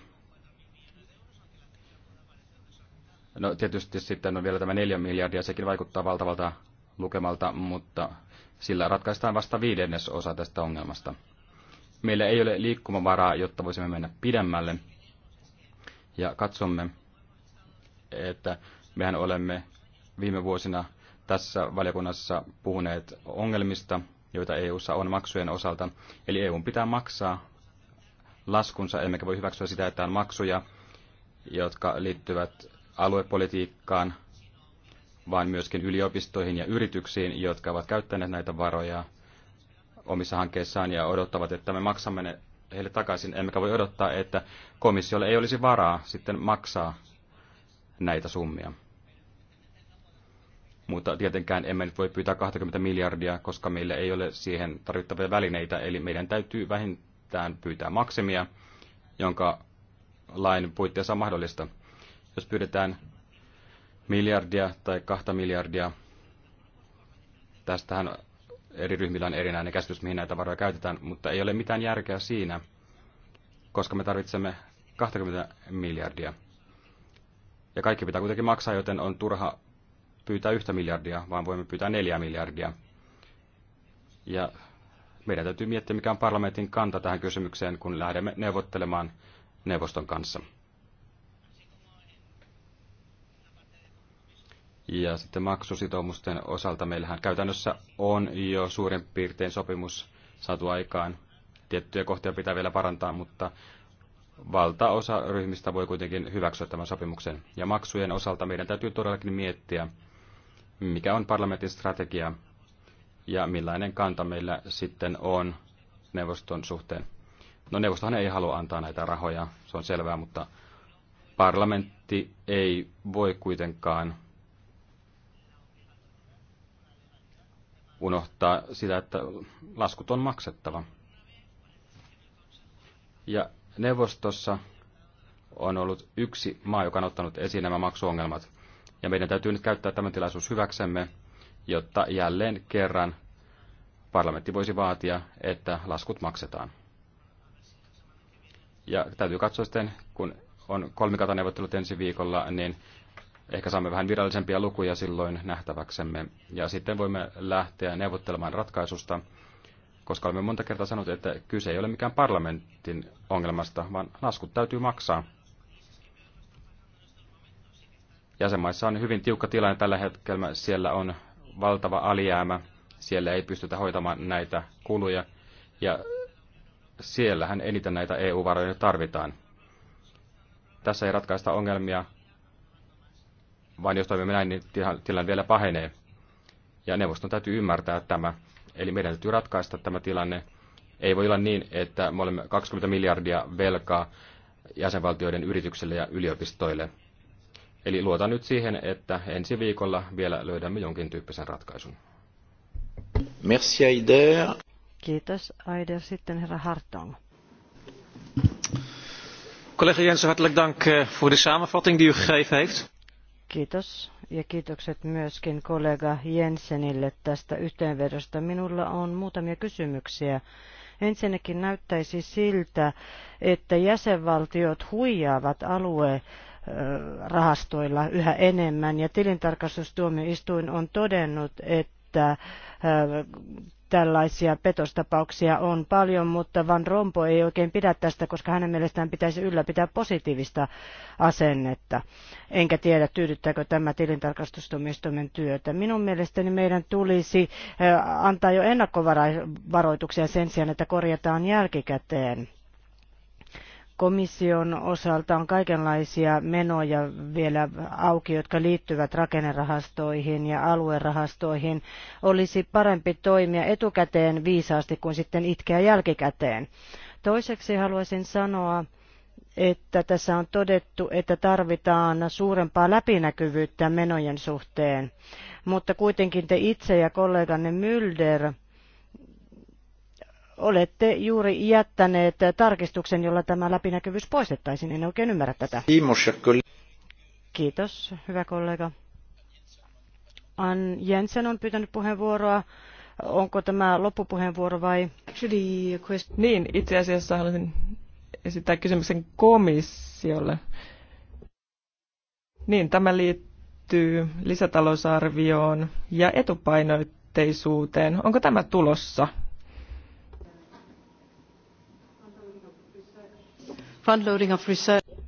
No tietysti sitten on vielä tämä 4 miljardia, sekin vaikuttaa valtavalta lukemalta, mutta sillä ratkaistaan vasta viidennes osa tästä ongelmasta. Meillä ei ole liikkumavaraa, jotta voisimme mennä pidemmälle. Ja katsomme, että mehän olemme viime vuosina tässä valiokunnassa puhuneet ongelmista, joita EU:ssa on maksujen osalta. Eli EU pitää maksaa laskunsa, emmekä voi hyväksyä sitä, että on maksuja, jotka liittyvät aluepolitiikkaan, vaan myöskin yliopistoihin ja yrityksiin, jotka ovat käyttäneet näitä varoja omissa hankkeissaan ja odottavat, että me maksamme ne heille takaisin, emmekä voi odottaa, että komissiolle ei olisi varaa sitten maksaa näitä summia. Mutta tietenkään emme nyt voi pyytää 20 miljardia, koska meillä ei ole siihen tarvittavia välineitä, eli meidän täytyy vähintään pyytää maksimia, jonka lain puitteissa on mahdollista. Jos pyydetään miljardia tai kahta miljardia, tästähän eri ryhmillä on erinäinen käsitys, mihin näitä varoja käytetään, mutta ei ole mitään järkeä siinä, koska me tarvitsemme 20 miljardia. Ja kaikki pitää kuitenkin maksaa, joten on turha pyytää yhtä miljardia, vaan voimme pyytää neljä miljardia. Ja meidän täytyy miettiä, mikä on parlamentin kanta tähän kysymykseen, kun lähdemme neuvottelemaan neuvoston kanssa. Ja sitten maksusitoumusten osalta meillähän käytännössä on jo suurin piirtein sopimus saatu aikaan. Tiettyjä kohtia pitää vielä parantaa, mutta valtaosa ryhmistä voi kuitenkin hyväksyä tämän sopimuksen. Ja maksujen osalta meidän täytyy todellakin miettiä, mikä on parlamentin strategia ja millainen kanta meillä sitten on neuvoston suhteen. No neuvostohan ei halua antaa näitä rahoja, se on selvää, mutta parlamentti ei voi kuitenkaan unohtaa sitä, että laskut on maksettava. Ja neuvostossa on ollut yksi maa, joka on ottanut esiin nämä maksuongelmat. Ja meidän täytyy nyt käyttää tämän tilaisuus hyväksemme, jotta jälleen kerran parlamentti voisi vaatia, että laskut maksetaan. Ja täytyy katsoa sitten, kun on kolmikantaneuvottelut ensi viikolla, niin ehkä saamme vähän virallisempia lukuja silloin nähtäväksemme. Ja sitten voimme lähteä neuvottelemaan ratkaisusta, koska olemme monta kertaa sanoneet, että kyse ei ole mikään parlamentin ongelmasta, vaan laskut täytyy maksaa. Jäsenmaissa on hyvin tiukka tilanne tällä hetkellä, siellä on valtava alijäämä, siellä ei pystytä hoitamaan näitä kuluja ja siellähän eniten näitä EU-varoja tarvitaan. Tässä ei ratkaista ongelmia, vaan jos toimimme näin, niin tilanne vielä pahenee. Ja neuvoston täytyy ymmärtää tämä. Eli meidän täytyy ratkaista tämä tilanne. Ei voi olla niin, että me olemme 20 miljardia velkaa jäsenvaltioiden yrityksille ja yliopistoille – Eli luotan nyt siihen, että ensi viikolla vielä löydämme jonkin tyyppisen ratkaisun. Merci Aider. Kiitos Aider. Sitten herra Hartong. Collega Jensen, hartelijk dank eh, voor de samenvatting die u gegeven heeft. Kiitos ja kiitokset myöskin kollega Jensenille tästä yhteenvedosta. Minulla on muutamia kysymyksiä. Ensinnäkin näyttäisi siltä, että jäsenvaltiot huijaavat alue rahastoilla yhä enemmän. Ja tilintarkastustuomioistuin on todennut, että äh, tällaisia petostapauksia on paljon, mutta Van Rompo ei oikein pidä tästä, koska hänen mielestään pitäisi ylläpitää positiivista asennetta. Enkä tiedä, tyydyttääkö tämä tilintarkastustuomioistuimen työtä. Minun mielestäni meidän tulisi äh, antaa jo ennakkovaroituksia sen sijaan, että korjataan jälkikäteen. Komission osalta on kaikenlaisia menoja vielä auki, jotka liittyvät rakennerahastoihin ja aluerahastoihin. Olisi parempi toimia etukäteen viisaasti kuin sitten itkeä jälkikäteen. Toiseksi haluaisin sanoa, että tässä on todettu, että tarvitaan suurempaa läpinäkyvyyttä menojen suhteen. Mutta kuitenkin te itse ja kolleganne Mylder olette juuri jättäneet tarkistuksen, jolla tämä läpinäkyvyys poistettaisiin. En oikein ymmärrä tätä. Kiitos, hyvä kollega. Ann Jensen on pyytänyt puheenvuoroa. Onko tämä loppupuheenvuoro vai? Niin, itse asiassa haluaisin esittää kysymyksen komissiolle. Niin, tämä liittyy lisätalousarvioon ja etupainoitteisuuteen. Onko tämä tulossa?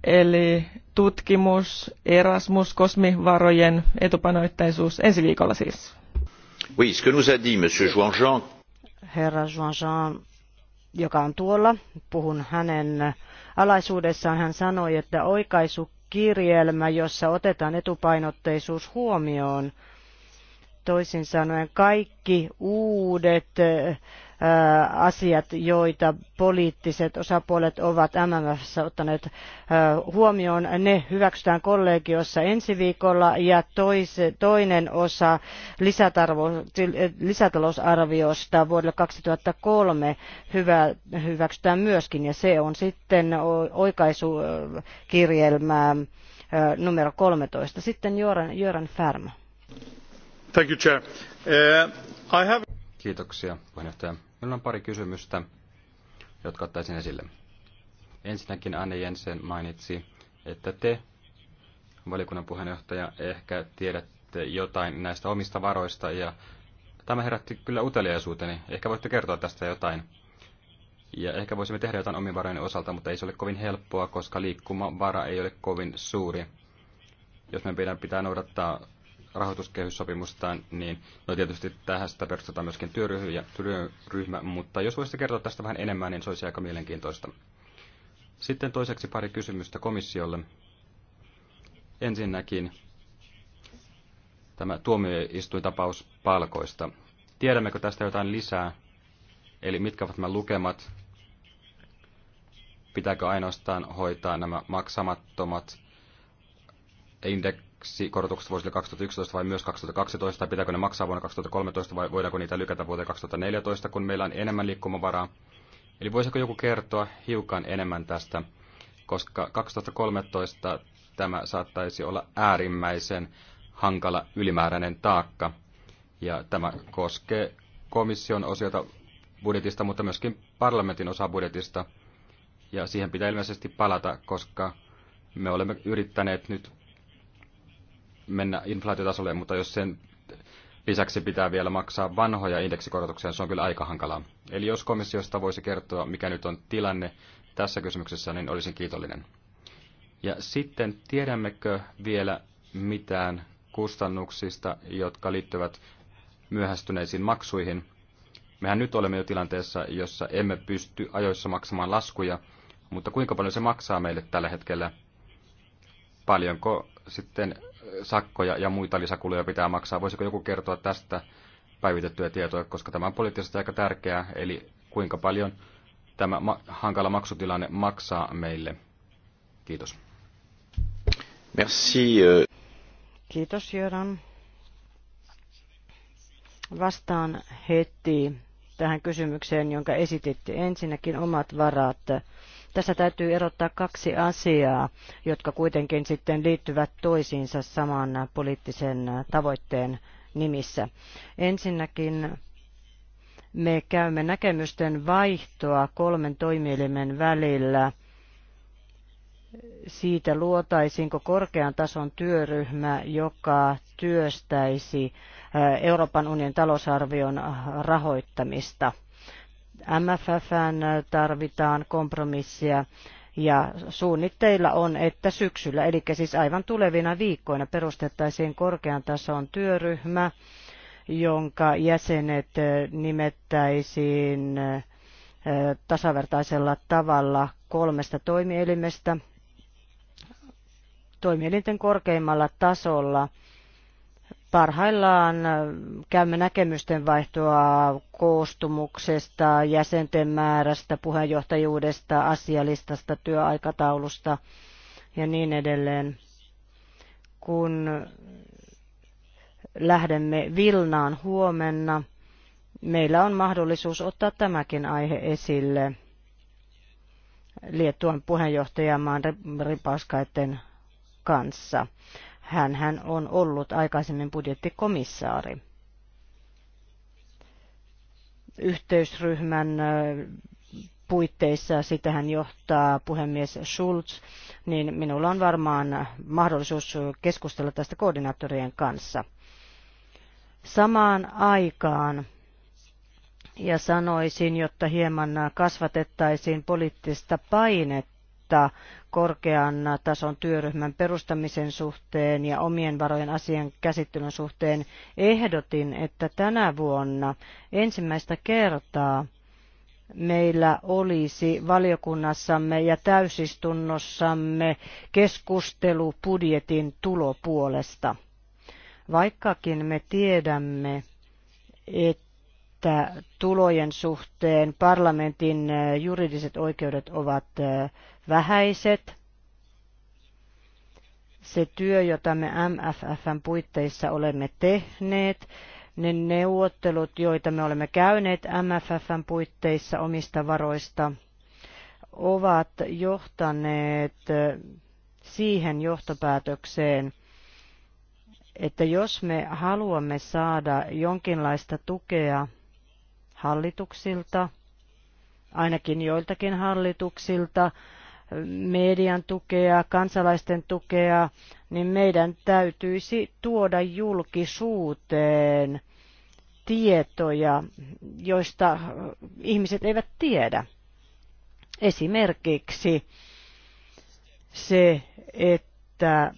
Eli tutkimus, Erasmus, kosmivarojen etupanoittaisuus ensi viikolla siis. Oui, ce que nous a dit monsieur Jean. Herra Jean, joka on tuolla, puhun hänen alaisuudessaan, hän sanoi, että oikaisukirjelmä, jossa otetaan etupainotteisuus huomioon, toisin sanoen kaikki uudet asiat, joita poliittiset osapuolet ovat MMFssä ottaneet huomioon. Ne hyväksytään kollegiossa ensi viikolla ja toinen osa lisätalousarviosta vuodelle 2003 hyvä, hyväksytään myöskin ja se on sitten oikaisukirjelmää numero 13. Sitten Jöran, Jöran Färm. Thank you, Chair. Uh, I have... Kiitoksia, puheenjohtaja. Minulla on pari kysymystä, jotka ottaisin esille. Ensinnäkin Anne Jensen mainitsi, että te, valikunnan puheenjohtaja, ehkä tiedätte jotain näistä omista varoista ja tämä herätti kyllä uteliaisuuteni. Ehkä voitte kertoa tästä jotain. Ja ehkä voisimme tehdä jotain omin varojen osalta, mutta ei se ole kovin helppoa, koska liikkumavara ei ole kovin suuri. Jos meidän pitää noudattaa rahoituskehyssopimustaan, niin no tietysti tähän sitä perustetaan myöskin työryhmä, työryhmä, mutta jos voisitte kertoa tästä vähän enemmän, niin se olisi aika mielenkiintoista. Sitten toiseksi pari kysymystä komissiolle. Ensinnäkin tämä tuomioistuintapaus palkoista. Tiedämmekö tästä jotain lisää? Eli mitkä ovat nämä lukemat? Pitääkö ainoastaan hoitaa nämä maksamattomat indek- korotukset vuosille 2011 vai myös 2012? Pitääkö ne maksaa vuonna 2013 vai voidaanko niitä lykätä vuoteen 2014, kun meillä on enemmän liikkumavaraa? Eli voisiko joku kertoa hiukan enemmän tästä, koska 2013 tämä saattaisi olla äärimmäisen hankala ylimääräinen taakka. Ja tämä koskee komission osiota budjetista, mutta myöskin parlamentin osa budjetista. Ja siihen pitää ilmeisesti palata, koska me olemme yrittäneet nyt mennä inflaatiotasolle, mutta jos sen lisäksi pitää vielä maksaa vanhoja indeksikorotuksia, se on kyllä aika hankalaa. Eli jos komissiosta voisi kertoa, mikä nyt on tilanne tässä kysymyksessä, niin olisin kiitollinen. Ja sitten tiedämmekö vielä mitään kustannuksista, jotka liittyvät myöhästyneisiin maksuihin? Mehän nyt olemme jo tilanteessa, jossa emme pysty ajoissa maksamaan laskuja, mutta kuinka paljon se maksaa meille tällä hetkellä? Paljonko sitten sakkoja ja muita lisäkuluja pitää maksaa. Voisiko joku kertoa tästä päivitettyä tietoa, koska tämä on poliittisesti aika tärkeää, eli kuinka paljon tämä ma- hankala maksutilanne maksaa meille. Kiitos. Merci. Kiitos Jöran. Vastaan heti tähän kysymykseen, jonka esititte. Ensinnäkin omat varat. Tässä täytyy erottaa kaksi asiaa, jotka kuitenkin sitten liittyvät toisiinsa saman poliittisen tavoitteen nimissä. Ensinnäkin me käymme näkemysten vaihtoa kolmen toimielimen välillä siitä luotaisiinko korkean tason työryhmä, joka työstäisi Euroopan unionin talousarvion rahoittamista – MFFn tarvitaan kompromissia ja suunnitteilla on, että syksyllä, eli siis aivan tulevina viikkoina perustettaisiin korkean tason työryhmä, jonka jäsenet nimettäisiin tasavertaisella tavalla kolmesta toimielimestä toimielinten korkeimmalla tasolla – parhaillaan käymme näkemysten vaihtoa koostumuksesta, jäsenten määrästä, puheenjohtajuudesta, asialistasta, työaikataulusta ja niin edelleen. Kun lähdemme Vilnaan huomenna, meillä on mahdollisuus ottaa tämäkin aihe esille Liettuan puheenjohtajamaan ripauskaiden kanssa. Hän, hän on ollut aikaisemmin budjettikomissaari. Yhteysryhmän puitteissa, sitä hän johtaa puhemies Schulz, niin minulla on varmaan mahdollisuus keskustella tästä koordinaattorien kanssa. Samaan aikaan ja sanoisin, jotta hieman kasvatettaisiin poliittista painetta korkean tason työryhmän perustamisen suhteen ja omien varojen asian käsittelyn suhteen ehdotin, että tänä vuonna ensimmäistä kertaa meillä olisi valiokunnassamme ja täysistunnossamme keskustelu budjetin tulopuolesta. Vaikkakin me tiedämme, että tulojen suhteen parlamentin juridiset oikeudet ovat vähäiset. Se työ, jota me MFFn puitteissa olemme tehneet, ne neuvottelut, joita me olemme käyneet MFFn puitteissa omista varoista, ovat johtaneet siihen johtopäätökseen, että jos me haluamme saada jonkinlaista tukea hallituksilta, ainakin joiltakin hallituksilta, median tukea, kansalaisten tukea, niin meidän täytyisi tuoda julkisuuteen tietoja, joista ihmiset eivät tiedä. Esimerkiksi se, että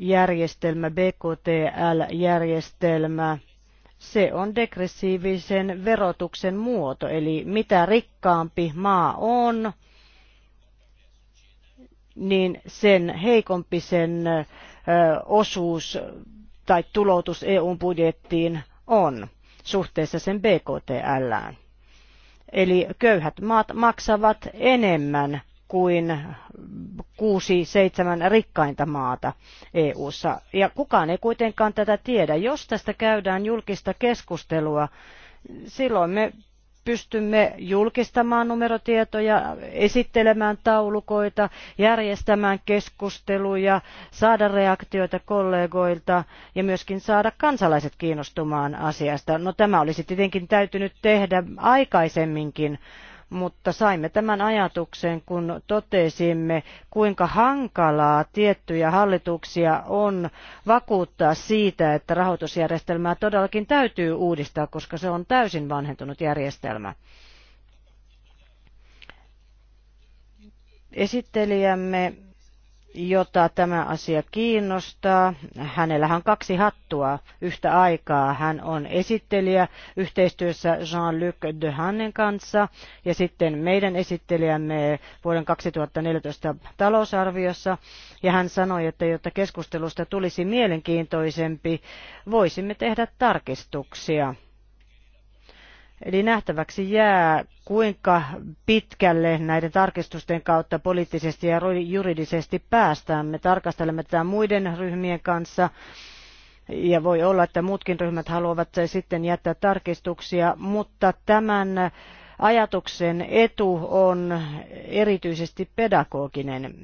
järjestelmä, BKTL-järjestelmä, se on degressiivisen verotuksen muoto, eli mitä rikkaampi maa on, niin sen heikompi sen osuus tai tuloutus EUn budjettiin on suhteessa sen BKTLään. Eli köyhät maat maksavat enemmän kuin kuusi, seitsemän rikkainta maata EU:ssa. Ja kukaan ei kuitenkaan tätä tiedä. Jos tästä käydään julkista keskustelua, silloin me pystymme julkistamaan numerotietoja, esittelemään taulukoita, järjestämään keskusteluja, saada reaktioita kollegoilta ja myöskin saada kansalaiset kiinnostumaan asiasta. No tämä olisi tietenkin täytynyt tehdä aikaisemminkin, mutta saimme tämän ajatuksen, kun totesimme, kuinka hankalaa tiettyjä hallituksia on vakuuttaa siitä, että rahoitusjärjestelmää todellakin täytyy uudistaa, koska se on täysin vanhentunut järjestelmä. Esittelijämme jota tämä asia kiinnostaa. Hänellähän on kaksi hattua yhtä aikaa. Hän on esittelijä yhteistyössä Jean-Luc Dehannen kanssa ja sitten meidän esittelijämme vuoden 2014 talousarviossa. Ja hän sanoi, että jotta keskustelusta tulisi mielenkiintoisempi, voisimme tehdä tarkistuksia Eli nähtäväksi jää, kuinka pitkälle näiden tarkistusten kautta poliittisesti ja juridisesti päästään. Me tarkastelemme tätä muiden ryhmien kanssa ja voi olla, että muutkin ryhmät haluavat sitten jättää tarkistuksia, mutta tämän ajatuksen etu on erityisesti pedagoginen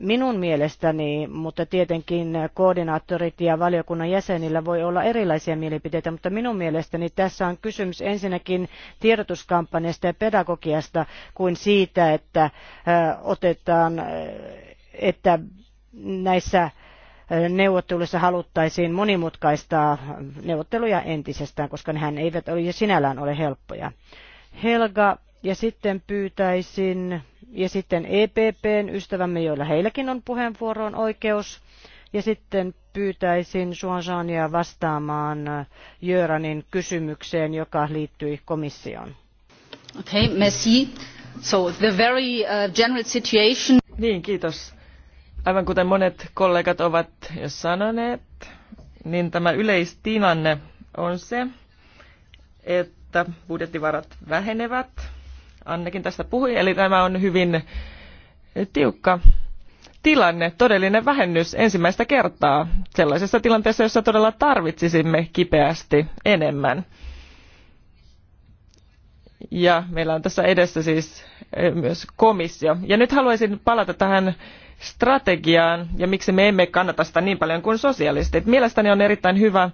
minun mielestäni, mutta tietenkin koordinaattorit ja valiokunnan jäsenillä voi olla erilaisia mielipiteitä, mutta minun mielestäni tässä on kysymys ensinnäkin tiedotuskampanjasta ja pedagogiasta kuin siitä, että otetaan, että näissä neuvotteluissa haluttaisiin monimutkaistaa neuvotteluja entisestään, koska nehän eivät ole sinällään ole helppoja. Helga, ja sitten pyytäisin ja sitten EPPn ystävämme, joilla heilläkin on puheenvuoroon oikeus. Ja sitten pyytäisin Suhansania vastaamaan Jöranin kysymykseen, joka liittyi komissioon. Okay, merci. So the very uh, general situation... Niin, kiitos. Aivan kuten monet kollegat ovat jo sanoneet, niin tämä yleistilanne on se, että budjettivarat vähenevät Annekin tästä puhui, eli tämä on hyvin tiukka tilanne, todellinen vähennys ensimmäistä kertaa sellaisessa tilanteessa, jossa todella tarvitsisimme kipeästi enemmän. Ja meillä on tässä edessä siis eh, myös komissio. Ja nyt haluaisin palata tähän strategiaan ja miksi me emme kannata sitä niin paljon kuin sosialistit. Mielestäni on erittäin hyvä,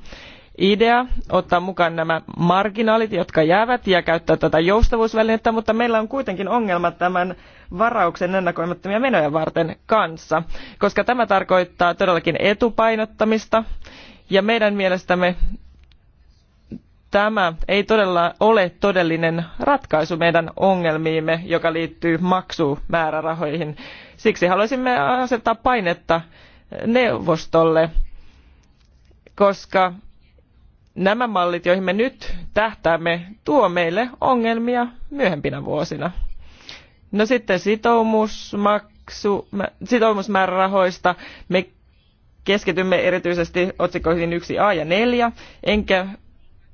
idea ottaa mukaan nämä marginaalit jotka jäävät ja käyttää tätä joustavuusvälinettä mutta meillä on kuitenkin ongelma tämän varauksen ennakoimattomia menoja varten kanssa koska tämä tarkoittaa todellakin etupainottamista ja meidän mielestämme tämä ei todella ole todellinen ratkaisu meidän ongelmiimme joka liittyy maksumäärärahoihin. siksi haluaisimme asettaa painetta neuvostolle koska nämä mallit, joihin me nyt tähtäämme, tuo meille ongelmia myöhempinä vuosina. No sitten sitoumusmaksu, sitoumusmäärärahoista. Me keskitymme erityisesti otsikoihin 1a ja 4, enkä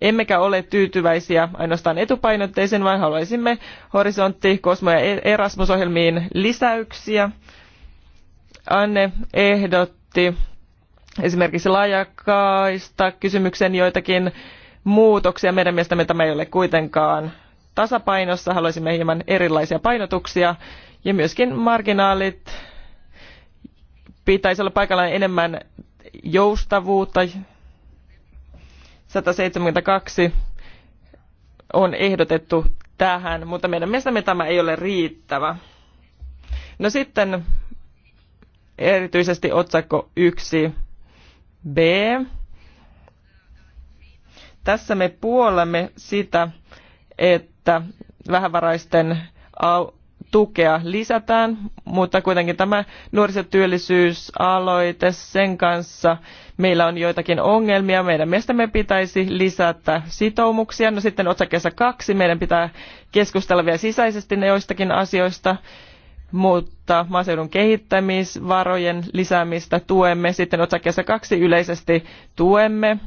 emmekä ole tyytyväisiä ainoastaan etupainotteisen, vaan haluaisimme horisontti, kosmo ja erasmusohjelmiin lisäyksiä. Anne ehdotti esimerkiksi laajakaista kysymyksen joitakin muutoksia. Meidän mielestämme tämä ei ole kuitenkaan tasapainossa. Haluaisimme hieman erilaisia painotuksia ja myöskin marginaalit pitäisi olla paikallaan enemmän joustavuutta. 172 on ehdotettu tähän, mutta meidän mielestämme tämä ei ole riittävä. No sitten erityisesti otsakko yksi B. Tässä me puolemme sitä, että vähävaraisten tukea lisätään, mutta kuitenkin tämä nuorisotyöllisyysaloite, sen kanssa meillä on joitakin ongelmia. Meidän mielestämme pitäisi lisätä sitoumuksia. No sitten otsakkeessa kaksi meidän pitää keskustella vielä sisäisesti ne joistakin asioista mutta maaseudun kehittämisvarojen lisäämistä tuemme. Sitten otsakkeessa kaksi yleisesti tuemme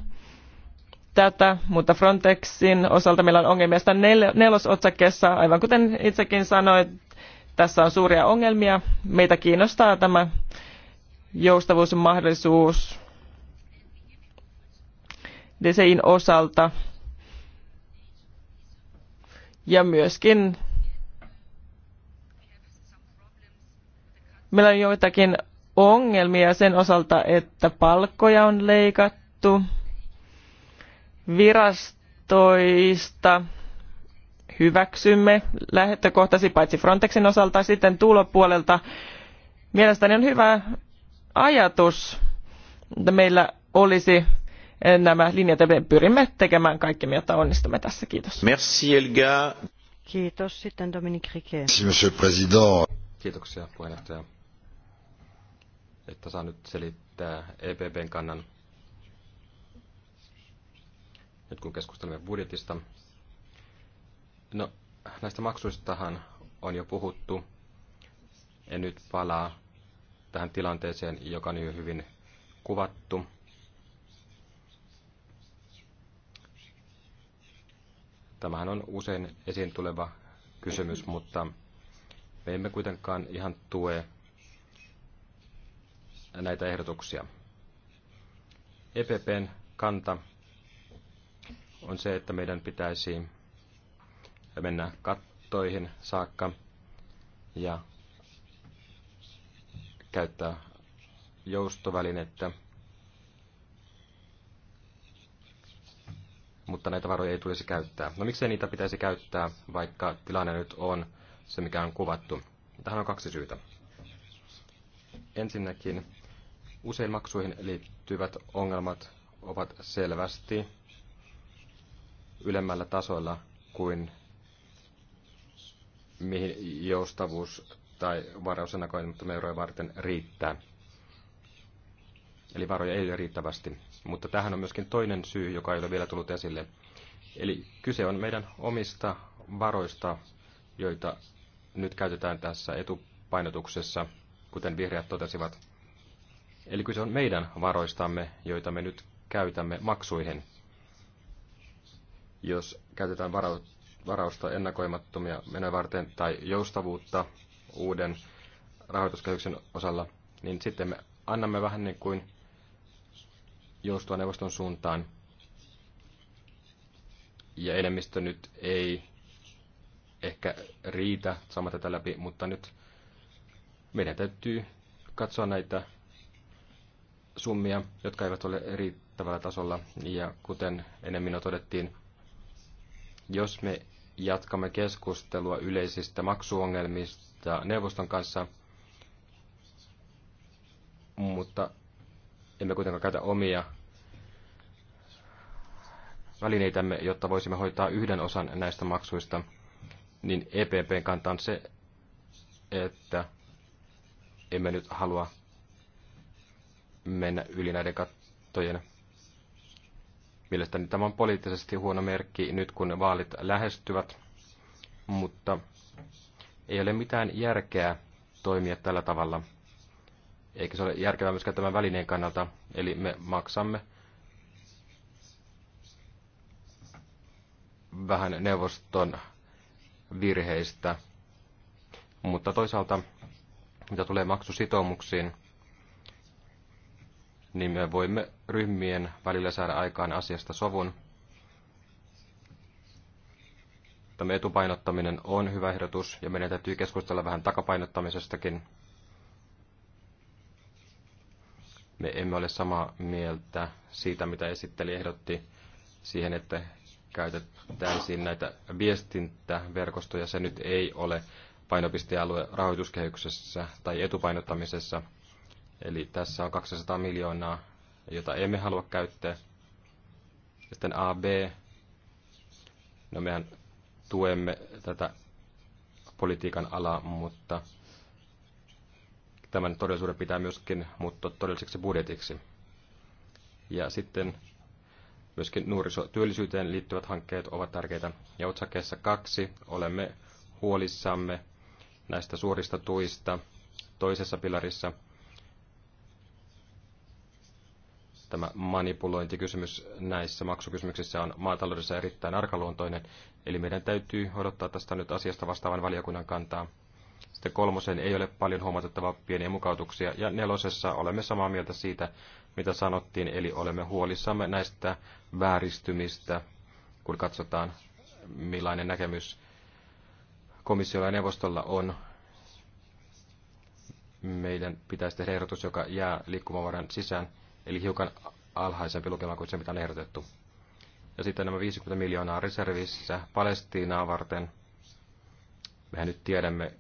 tätä, mutta Frontexin osalta meillä on ongelmia. Sitä nel- nelosotsakkeessa, aivan kuten itsekin sanoit, tässä on suuria ongelmia. Meitä kiinnostaa tämä joustavuus ja mahdollisuus DCIn osalta ja myöskin Meillä on joitakin ongelmia sen osalta, että palkkoja on leikattu virastoista. Hyväksymme lähettökohtasi paitsi Frontexin osalta sitten tulopuolelta. Mielestäni on hyvä ajatus, että meillä olisi nämä linjat ja me pyrimme tekemään kaikki, jotta onnistumme tässä. Kiitos. Merci Elga. Kiitos. Sitten Dominique Riquet. Kiitoksia puheenjohtaja että saan nyt selittää EPPn kannan. Nyt kun keskustelemme budjetista. No, näistä maksuistahan on jo puhuttu. En nyt palaa tähän tilanteeseen, joka on jo hyvin kuvattu. Tämähän on usein esiin tuleva kysymys, mutta me emme kuitenkaan ihan tue näitä ehdotuksia. EPPn kanta on se, että meidän pitäisi mennä kattoihin saakka ja käyttää joustovälinettä. Mutta näitä varoja ei tulisi käyttää. No miksei niitä pitäisi käyttää, vaikka tilanne nyt on se, mikä on kuvattu? Tähän on kaksi syytä. Ensinnäkin Usein maksuihin liittyvät ongelmat ovat selvästi ylemmällä tasolla kuin mihin joustavuus tai varaus euroja varten riittää. Eli varoja ei ole riittävästi. Mutta tähän on myöskin toinen syy, joka ei ole vielä tullut esille. Eli kyse on meidän omista varoista, joita nyt käytetään tässä etupainotuksessa, kuten vihreät totesivat. Eli kyse on meidän varoistamme, joita me nyt käytämme maksuihin. Jos käytetään varausta ennakoimattomia menoja varten tai joustavuutta uuden rahoituskehyksen osalla, niin sitten me annamme vähän niin kuin joustua neuvoston suuntaan. Ja enemmistö nyt ei ehkä riitä saamatta tätä läpi, mutta nyt meidän täytyy katsoa näitä summia, jotka eivät ole riittävällä tasolla. Ja kuten enemmän todettiin, jos me jatkamme keskustelua yleisistä maksuongelmista neuvoston kanssa, mutta emme kuitenkaan käytä omia välineitämme, jotta voisimme hoitaa yhden osan näistä maksuista, niin EPPn kanta on se, että emme nyt halua mennä yli näiden kattojen. Mielestäni tämä on poliittisesti huono merkki nyt, kun vaalit lähestyvät, mutta ei ole mitään järkeä toimia tällä tavalla. Eikä se ole järkevää myöskään tämän välineen kannalta, eli me maksamme vähän neuvoston virheistä, mutta toisaalta mitä tulee maksusitoumuksiin, niin me voimme ryhmien välillä saada aikaan asiasta sovun. Tämä etupainottaminen on hyvä ehdotus ja meidän täytyy keskustella vähän takapainottamisestakin. Me emme ole samaa mieltä siitä, mitä esitteli ehdotti siihen, että käytettäisiin näitä viestintäverkostoja. Se nyt ei ole painopistealue rahoituskehyksessä tai etupainottamisessa – Eli tässä on 200 miljoonaa, jota emme halua käyttää. Sitten AB, no mehän tuemme tätä politiikan alaa, mutta tämän todellisuuden pitää myöskin muuttua todelliseksi budjetiksi. Ja sitten myöskin nuorisotyöllisyyteen liittyvät hankkeet ovat tärkeitä. Ja otsakeessa kaksi olemme huolissamme näistä suorista tuista toisessa pilarissa – tämä manipulointikysymys näissä maksukysymyksissä on maataloudessa erittäin arkaluontoinen, eli meidän täytyy odottaa tästä nyt asiasta vastaavan valiokunnan kantaa. Sitten kolmosen ei ole paljon huomatettavaa pieniä mukautuksia, ja nelosessa olemme samaa mieltä siitä, mitä sanottiin, eli olemme huolissamme näistä vääristymistä, kun katsotaan, millainen näkemys komissiolla ja neuvostolla on meidän pitäisi tehdä ehdotus, joka jää liikkumavaran sisään eli hiukan alhaisempi lukema kuin se, mitä on ehdotettu. Ja sitten nämä 50 miljoonaa reservissä Palestiinaa varten. Mehän nyt tiedämme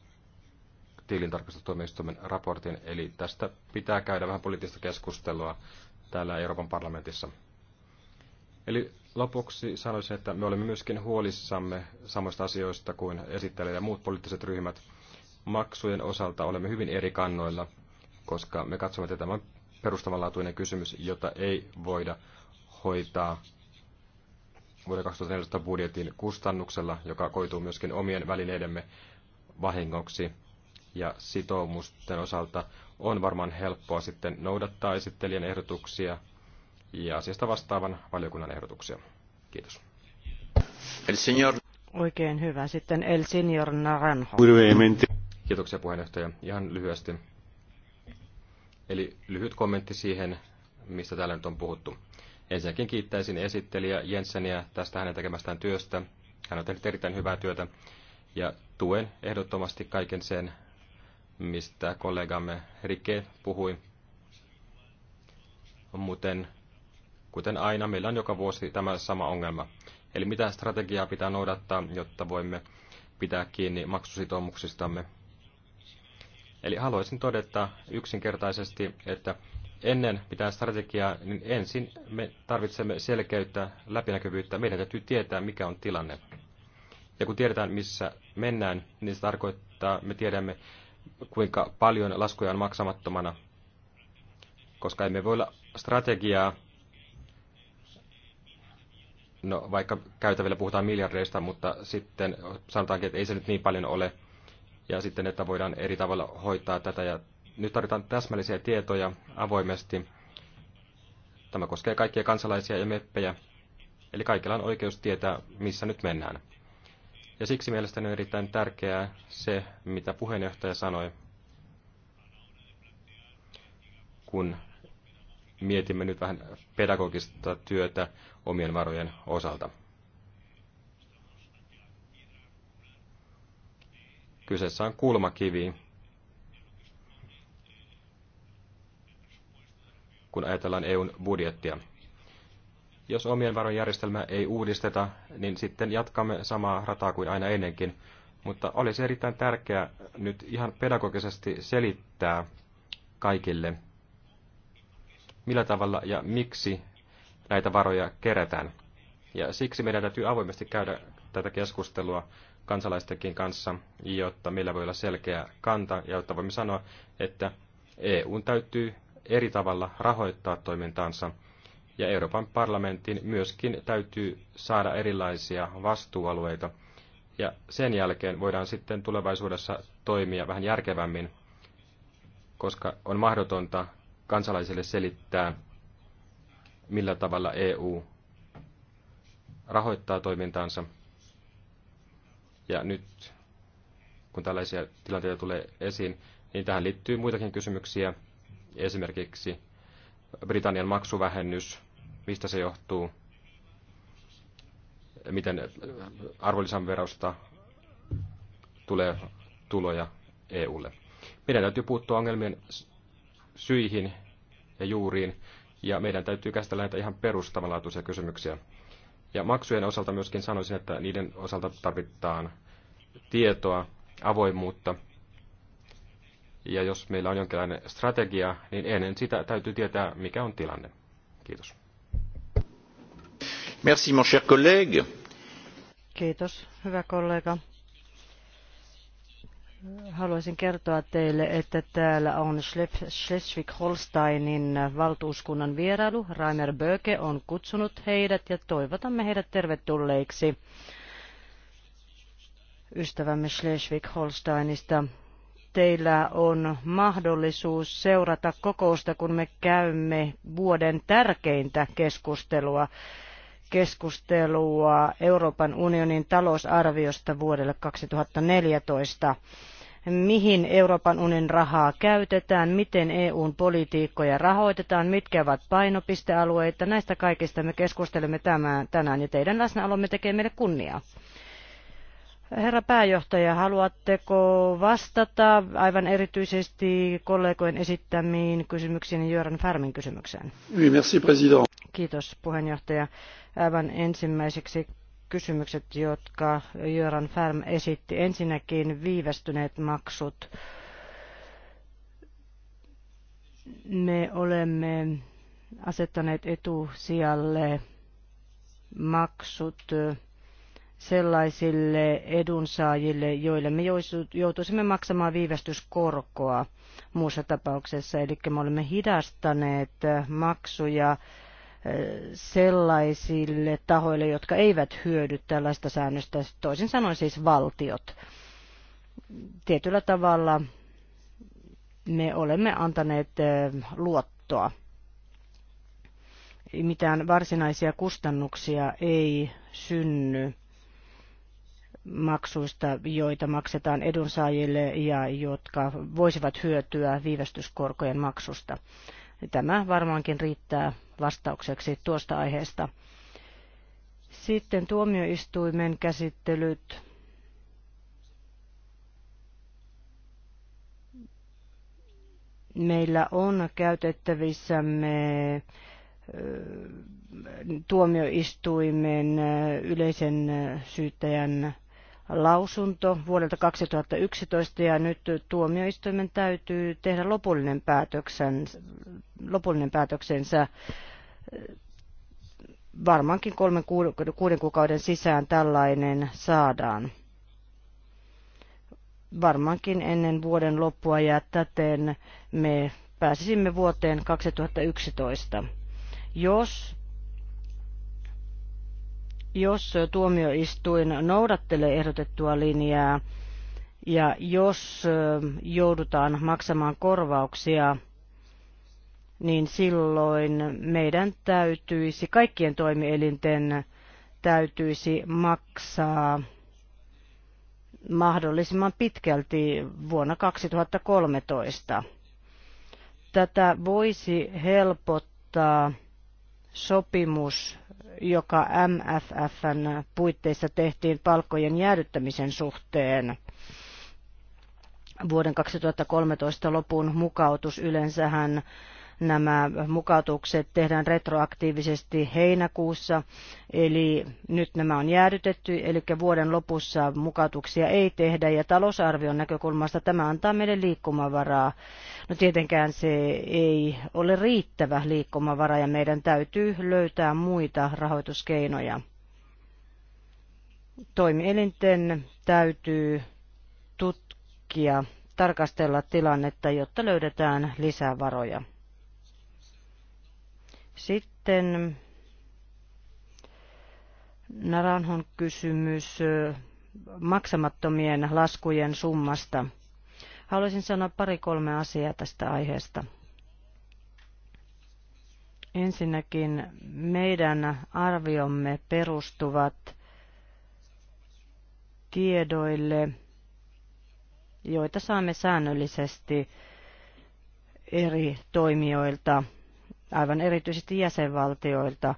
tilintarkastustuomioistuimen raportin, eli tästä pitää käydä vähän poliittista keskustelua täällä Euroopan parlamentissa. Eli lopuksi sanoisin, että me olemme myöskin huolissamme samoista asioista kuin esittelijä ja muut poliittiset ryhmät. Maksujen osalta olemme hyvin eri kannoilla, koska me katsomme, että tämä on perustavanlaatuinen kysymys, jota ei voida hoitaa vuoden 2014 budjetin kustannuksella, joka koituu myöskin omien välineidemme vahingoksi. Ja sitoumusten osalta on varmaan helppoa sitten noudattaa esittelijän ehdotuksia ja asiasta vastaavan valiokunnan ehdotuksia. Kiitos. El señor. Oikein hyvä. Sitten El Senior Naranjo. Kiitoksia puheenjohtaja. Ihan lyhyesti Eli lyhyt kommentti siihen, mistä täällä nyt on puhuttu. Ensinnäkin kiittäisin esittelijä Jenseniä tästä hänen tekemästään työstä. Hän on tehnyt erittäin hyvää työtä ja tuen ehdottomasti kaiken sen, mistä kollegamme Rike puhui. Muten, kuten aina, meillä on joka vuosi tämä sama ongelma. Eli mitä strategiaa pitää noudattaa, jotta voimme pitää kiinni maksusitoumuksistamme Eli haluaisin todeta yksinkertaisesti, että ennen pitää strategiaa, niin ensin me tarvitsemme selkeyttä, läpinäkyvyyttä. Meidän täytyy tietää, mikä on tilanne. Ja kun tiedetään, missä mennään, niin se tarkoittaa, me tiedämme, kuinka paljon laskuja on maksamattomana, koska emme voi olla strategiaa, no vaikka käytävillä puhutaan miljardeista, mutta sitten sanotaankin, että ei se nyt niin paljon ole, ja sitten, että voidaan eri tavalla hoitaa tätä. Ja nyt tarvitaan täsmällisiä tietoja avoimesti. Tämä koskee kaikkia kansalaisia ja meppejä, eli kaikilla on oikeus tietää, missä nyt mennään. Ja siksi mielestäni on erittäin tärkeää se, mitä puheenjohtaja sanoi, kun mietimme nyt vähän pedagogista työtä omien varojen osalta. Kyseessä on kulmakivi, kun ajatellaan EUn budjettia. Jos omien varojen järjestelmää ei uudisteta, niin sitten jatkamme samaa rataa kuin aina ennenkin. Mutta olisi erittäin tärkeää nyt ihan pedagogisesti selittää kaikille, millä tavalla ja miksi näitä varoja kerätään. Ja siksi meidän täytyy avoimesti käydä tätä keskustelua kansalaistenkin kanssa, jotta meillä voi olla selkeä kanta ja jotta voimme sanoa, että EU täytyy eri tavalla rahoittaa toimintaansa ja Euroopan parlamentin myöskin täytyy saada erilaisia vastuualueita. Ja sen jälkeen voidaan sitten tulevaisuudessa toimia vähän järkevämmin, koska on mahdotonta kansalaisille selittää, millä tavalla EU rahoittaa toimintaansa. Ja nyt, kun tällaisia tilanteita tulee esiin, niin tähän liittyy muitakin kysymyksiä. Esimerkiksi Britannian maksuvähennys, mistä se johtuu, miten arvonlisäverosta tulee tuloja EUlle. Meidän täytyy puuttua ongelmien syihin ja juuriin, ja meidän täytyy käsitellä näitä ihan perustavanlaatuisia kysymyksiä. Ja maksujen osalta myöskin sanoisin, että niiden osalta tarvitaan tietoa, avoimuutta. Ja jos meillä on jonkinlainen strategia, niin ennen sitä täytyy tietää, mikä on tilanne. Kiitos. Merci, mon cher collègue. Kiitos, hyvä kollega. Haluaisin kertoa teille, että täällä on Schleswig-Holsteinin valtuuskunnan vierailu. Rainer Böke on kutsunut heidät ja toivotamme heidät tervetulleiksi ystävämme Schleswig-Holsteinista. Teillä on mahdollisuus seurata kokousta, kun me käymme vuoden tärkeintä keskustelua keskustelua Euroopan unionin talousarviosta vuodelle 2014 mihin Euroopan unionin rahaa käytetään, miten EUn politiikkoja rahoitetaan, mitkä ovat painopistealueita. Näistä kaikista me keskustelemme tämän, tänään ja teidän läsnäolomme tekee meille kunniaa. Herra pääjohtaja, haluatteko vastata aivan erityisesti kollegojen esittämiin kysymyksiin Jörn Färmin kysymykseen? Kiitos puheenjohtaja. Aivan ensimmäiseksi kysymykset, jotka Jöran Färm esitti. Ensinnäkin viivästyneet maksut. Me olemme asettaneet etusijalle maksut sellaisille edunsaajille, joille me joutuisimme maksamaan viivästyskorkoa muussa tapauksessa. Eli me olemme hidastaneet maksuja sellaisille tahoille, jotka eivät hyödy tällaista säännöstä, toisin sanoen siis valtiot. Tietyllä tavalla me olemme antaneet luottoa. Mitään varsinaisia kustannuksia ei synny maksuista, joita maksetaan edunsaajille ja jotka voisivat hyötyä viivästyskorkojen maksusta. Tämä varmaankin riittää vastaukseksi tuosta aiheesta. Sitten tuomioistuimen käsittelyt. Meillä on käytettävissämme tuomioistuimen yleisen syyttäjän lausunto vuodelta 2011 ja nyt tuomioistuimen täytyy tehdä lopullinen, päätöksen, lopullinen päätöksensä varmaankin kolmen kuuden kuukauden sisään tällainen saadaan. Varmaankin ennen vuoden loppua ja täten me pääsisimme vuoteen 2011. Jos jos tuomioistuin noudattelee ehdotettua linjaa ja jos joudutaan maksamaan korvauksia niin silloin meidän täytyisi, kaikkien toimielinten täytyisi maksaa mahdollisimman pitkälti vuonna 2013. Tätä voisi helpottaa sopimus, joka MFFn puitteissa tehtiin palkkojen jäädyttämisen suhteen. Vuoden 2013 lopun mukautus yleensähän nämä mukautukset tehdään retroaktiivisesti heinäkuussa, eli nyt nämä on jäädytetty, eli vuoden lopussa mukautuksia ei tehdä, ja talousarvion näkökulmasta tämä antaa meille liikkumavaraa. No tietenkään se ei ole riittävä liikkumavara, ja meidän täytyy löytää muita rahoituskeinoja. Toimielinten täytyy tutkia, tarkastella tilannetta, jotta löydetään lisää varoja. Sitten Naranhon kysymys maksamattomien laskujen summasta. Haluaisin sanoa pari-kolme asiaa tästä aiheesta. Ensinnäkin meidän arviomme perustuvat tiedoille, joita saamme säännöllisesti eri toimijoilta – aivan erityisesti jäsenvaltioilta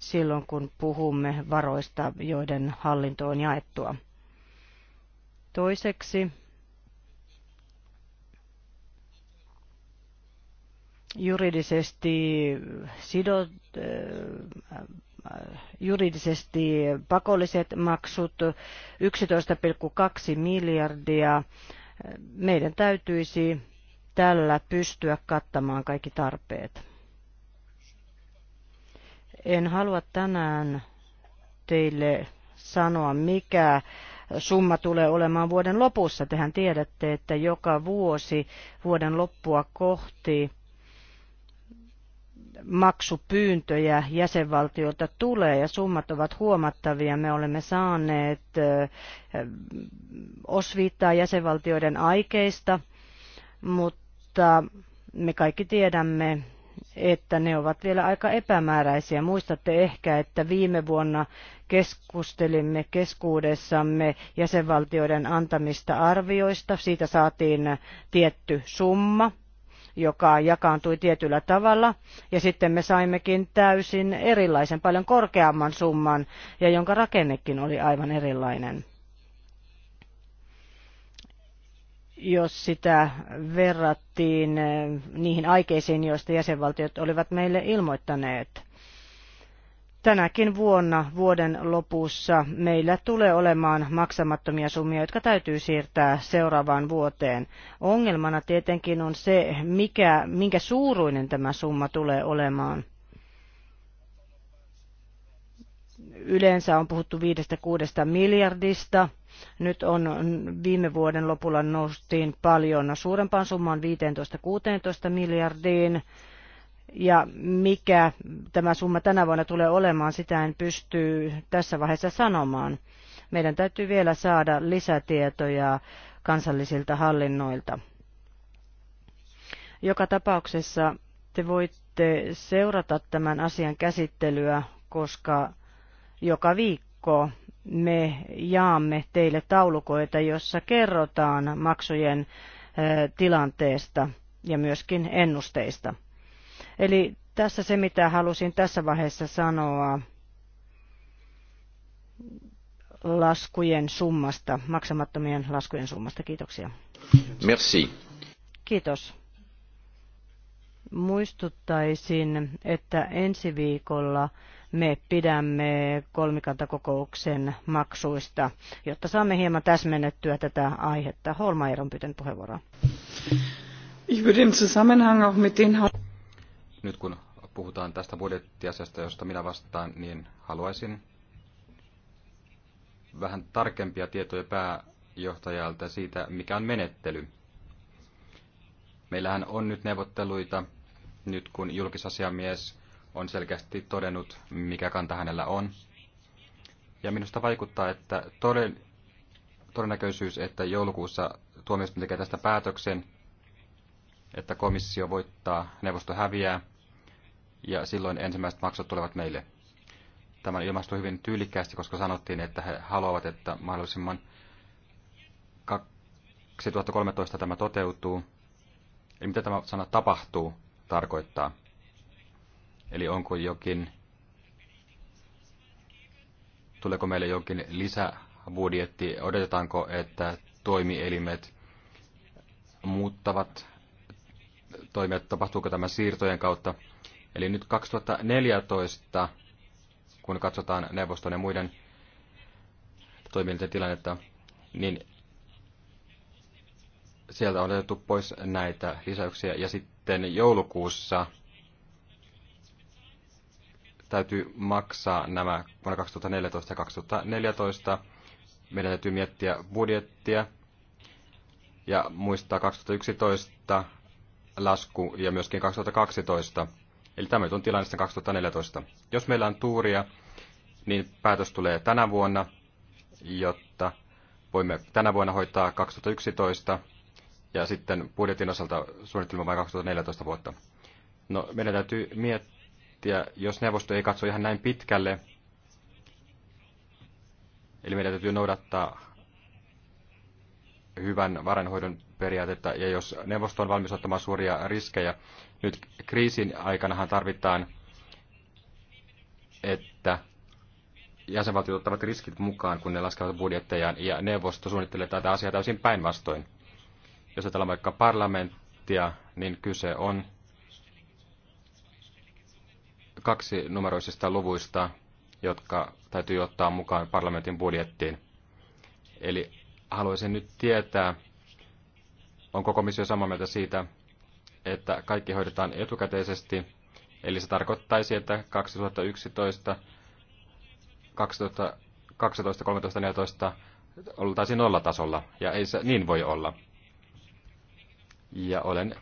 silloin, kun puhumme varoista, joiden hallinto on jaettua. Toiseksi juridisesti sidot, äh, juridisesti pakolliset maksut 11,2 miljardia. Meidän täytyisi tällä pystyä kattamaan kaikki tarpeet. En halua tänään teille sanoa, mikä summa tulee olemaan vuoden lopussa. Tehän tiedätte, että joka vuosi vuoden loppua kohti maksupyyntöjä jäsenvaltiolta tulee ja summat ovat huomattavia. Me olemme saaneet osviittaa jäsenvaltioiden aikeista, mutta me kaikki tiedämme, että ne ovat vielä aika epämääräisiä. Muistatte ehkä, että viime vuonna keskustelimme keskuudessamme jäsenvaltioiden antamista arvioista. Siitä saatiin tietty summa, joka jakaantui tietyllä tavalla, ja sitten me saimmekin täysin erilaisen, paljon korkeamman summan, ja jonka rakennekin oli aivan erilainen. jos sitä verrattiin eh, niihin aikeisiin, joista jäsenvaltiot olivat meille ilmoittaneet. Tänäkin vuonna vuoden lopussa meillä tulee olemaan maksamattomia summia, jotka täytyy siirtää seuraavaan vuoteen. Ongelmana tietenkin on se, mikä, minkä suuruinen tämä summa tulee olemaan. Yleensä on puhuttu 5-6 miljardista, nyt on viime vuoden lopulla noustiin paljon suurempaan summaan 15-16 miljardiin. Ja mikä tämä summa tänä vuonna tulee olemaan, sitä en pysty tässä vaiheessa sanomaan. Meidän täytyy vielä saada lisätietoja kansallisilta hallinnoilta. Joka tapauksessa te voitte seurata tämän asian käsittelyä, koska joka viikko me jaamme teille taulukoita, jossa kerrotaan maksujen tilanteesta ja myöskin ennusteista. Eli tässä se, mitä halusin tässä vaiheessa sanoa laskujen summasta, maksamattomien laskujen summasta. Kiitoksia. Merci. Kiitos. Muistuttaisin, että ensi viikolla me pidämme kolmikantakokouksen maksuista, jotta saamme hieman täsmennettyä tätä aihetta. Holmaier on pyytänyt puheenvuoroa. Nyt kun puhutaan tästä budjettiasiasta, josta minä vastaan, niin haluaisin vähän tarkempia tietoja pääjohtajalta siitä, mikä on menettely. Meillähän on nyt neuvotteluita, nyt kun julkisasiamies on selkeästi todennut, mikä kanta hänellä on. Ja minusta vaikuttaa, että toden, todennäköisyys, että joulukuussa tuomioistuin tekee tästä päätöksen, että komissio voittaa, neuvosto häviää, ja silloin ensimmäiset maksut tulevat meille. Tämä ilmastui hyvin tyylikkäästi, koska sanottiin, että he haluavat, että mahdollisimman 2013 tämä toteutuu. Eli mitä tämä sana tapahtuu tarkoittaa? Eli onko jokin, tuleeko meille jokin lisäbudjetti, odotetaanko, että toimielimet muuttavat toimijat, tapahtuuko tämä siirtojen kautta. Eli nyt 2014, kun katsotaan neuvoston ja muiden toimielinten tilannetta, niin sieltä on otettu pois näitä lisäyksiä. Ja sitten joulukuussa täytyy maksaa nämä vuonna 2014 ja 2014. Meidän täytyy miettiä budjettia ja muistaa 2011 lasku ja myöskin 2012. Eli tämä on tilanne sitten 2014. Jos meillä on tuuria, niin päätös tulee tänä vuonna, jotta voimme tänä vuonna hoitaa 2011 ja sitten budjetin osalta suunnittelemaan vain 2014 vuotta. No, meidän täytyy miettiä, miettiä, jos neuvosto ei katso ihan näin pitkälle, eli meidän täytyy noudattaa hyvän varainhoidon periaatetta, ja jos neuvosto on valmis ottamaan suuria riskejä, nyt kriisin aikanahan tarvitaan, että jäsenvaltiot ottavat riskit mukaan, kun ne laskevat budjettejaan, ja neuvosto suunnittelee tätä asiaa täysin päinvastoin. Jos ajatellaan vaikka parlamenttia, niin kyse on kaksi numeroisista luvuista, jotka täytyy ottaa mukaan parlamentin budjettiin. Eli haluaisin nyt tietää, onko komissio samaa mieltä siitä, että kaikki hoidetaan etukäteisesti, eli se tarkoittaisi, että 2011, 2012, 2013, 2014 oltaisiin nollatasolla, ja ei se niin voi olla. Ja olen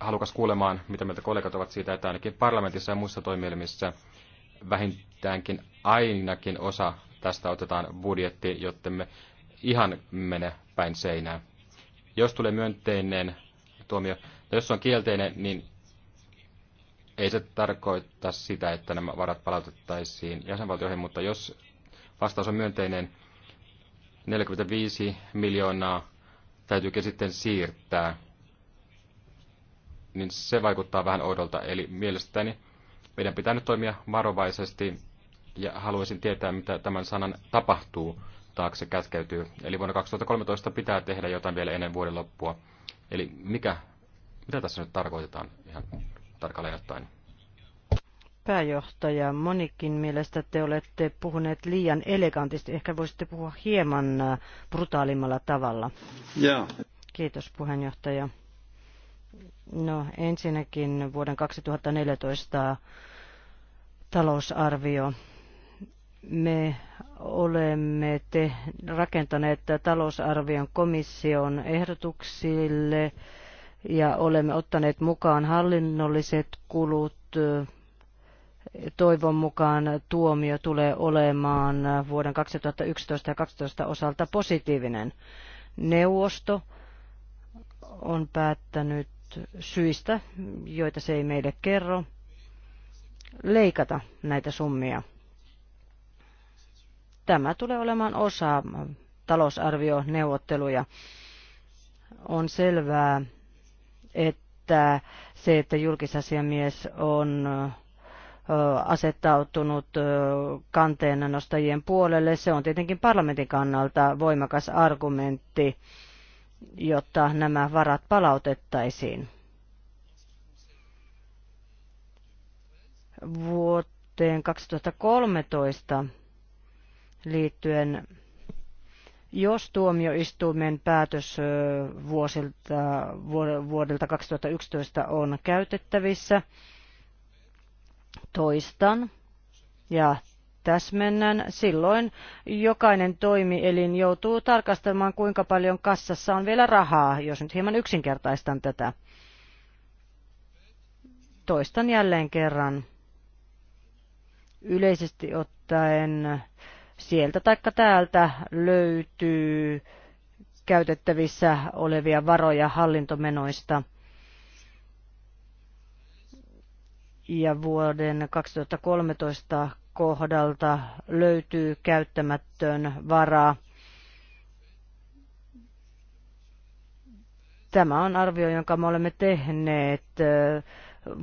halukas kuulemaan, mitä mieltä kollegat ovat siitä, että ainakin parlamentissa ja muissa toimielimissä vähintäänkin ainakin osa tästä otetaan budjetti, jotta me ihan mene päin seinää. Jos tulee myönteinen tuomio, ja jos on kielteinen, niin ei se tarkoita sitä, että nämä varat palautettaisiin jäsenvaltioihin, mutta jos vastaus on myönteinen, 45 miljoonaa täytyykin sitten siirtää niin se vaikuttaa vähän oudolta. Eli mielestäni meidän pitää nyt toimia varovaisesti ja haluaisin tietää, mitä tämän sanan tapahtuu taakse kätkeytyy. Eli vuonna 2013 pitää tehdä jotain vielä ennen vuoden loppua. Eli mikä, mitä tässä nyt tarkoitetaan ihan tarkalleen ottaen? Pääjohtaja, monikin mielestä te olette puhuneet liian elegantisti. Ehkä voisitte puhua hieman brutaalimmalla tavalla. Yeah. Kiitos puheenjohtaja. No ensinnäkin vuoden 2014 talousarvio. Me olemme te rakentaneet talousarvion komission ehdotuksille ja olemme ottaneet mukaan hallinnolliset kulut. Toivon mukaan tuomio tulee olemaan vuoden 2011 ja 2012 osalta positiivinen. Neuvosto on päättänyt syistä, joita se ei meille kerro, leikata näitä summia. Tämä tulee olemaan osa talousarvioneuvotteluja. On selvää, että se, että julkisasiamies on asettautunut kanteen puolelle. Se on tietenkin parlamentin kannalta voimakas argumentti jotta nämä varat palautettaisiin. Vuoteen 2013 liittyen, jos tuomioistuimen päätös vuosilta, vuodelta 2011 on käytettävissä, toistan ja täsmennän, silloin jokainen toimielin joutuu tarkastelemaan, kuinka paljon kassassa on vielä rahaa, jos nyt hieman yksinkertaistan tätä. Toistan jälleen kerran. Yleisesti ottaen sieltä taikka täältä löytyy käytettävissä olevia varoja hallintomenoista. Ja vuoden 2013 kohdalta löytyy käyttämättön vara. Tämä on arvio, jonka me olemme tehneet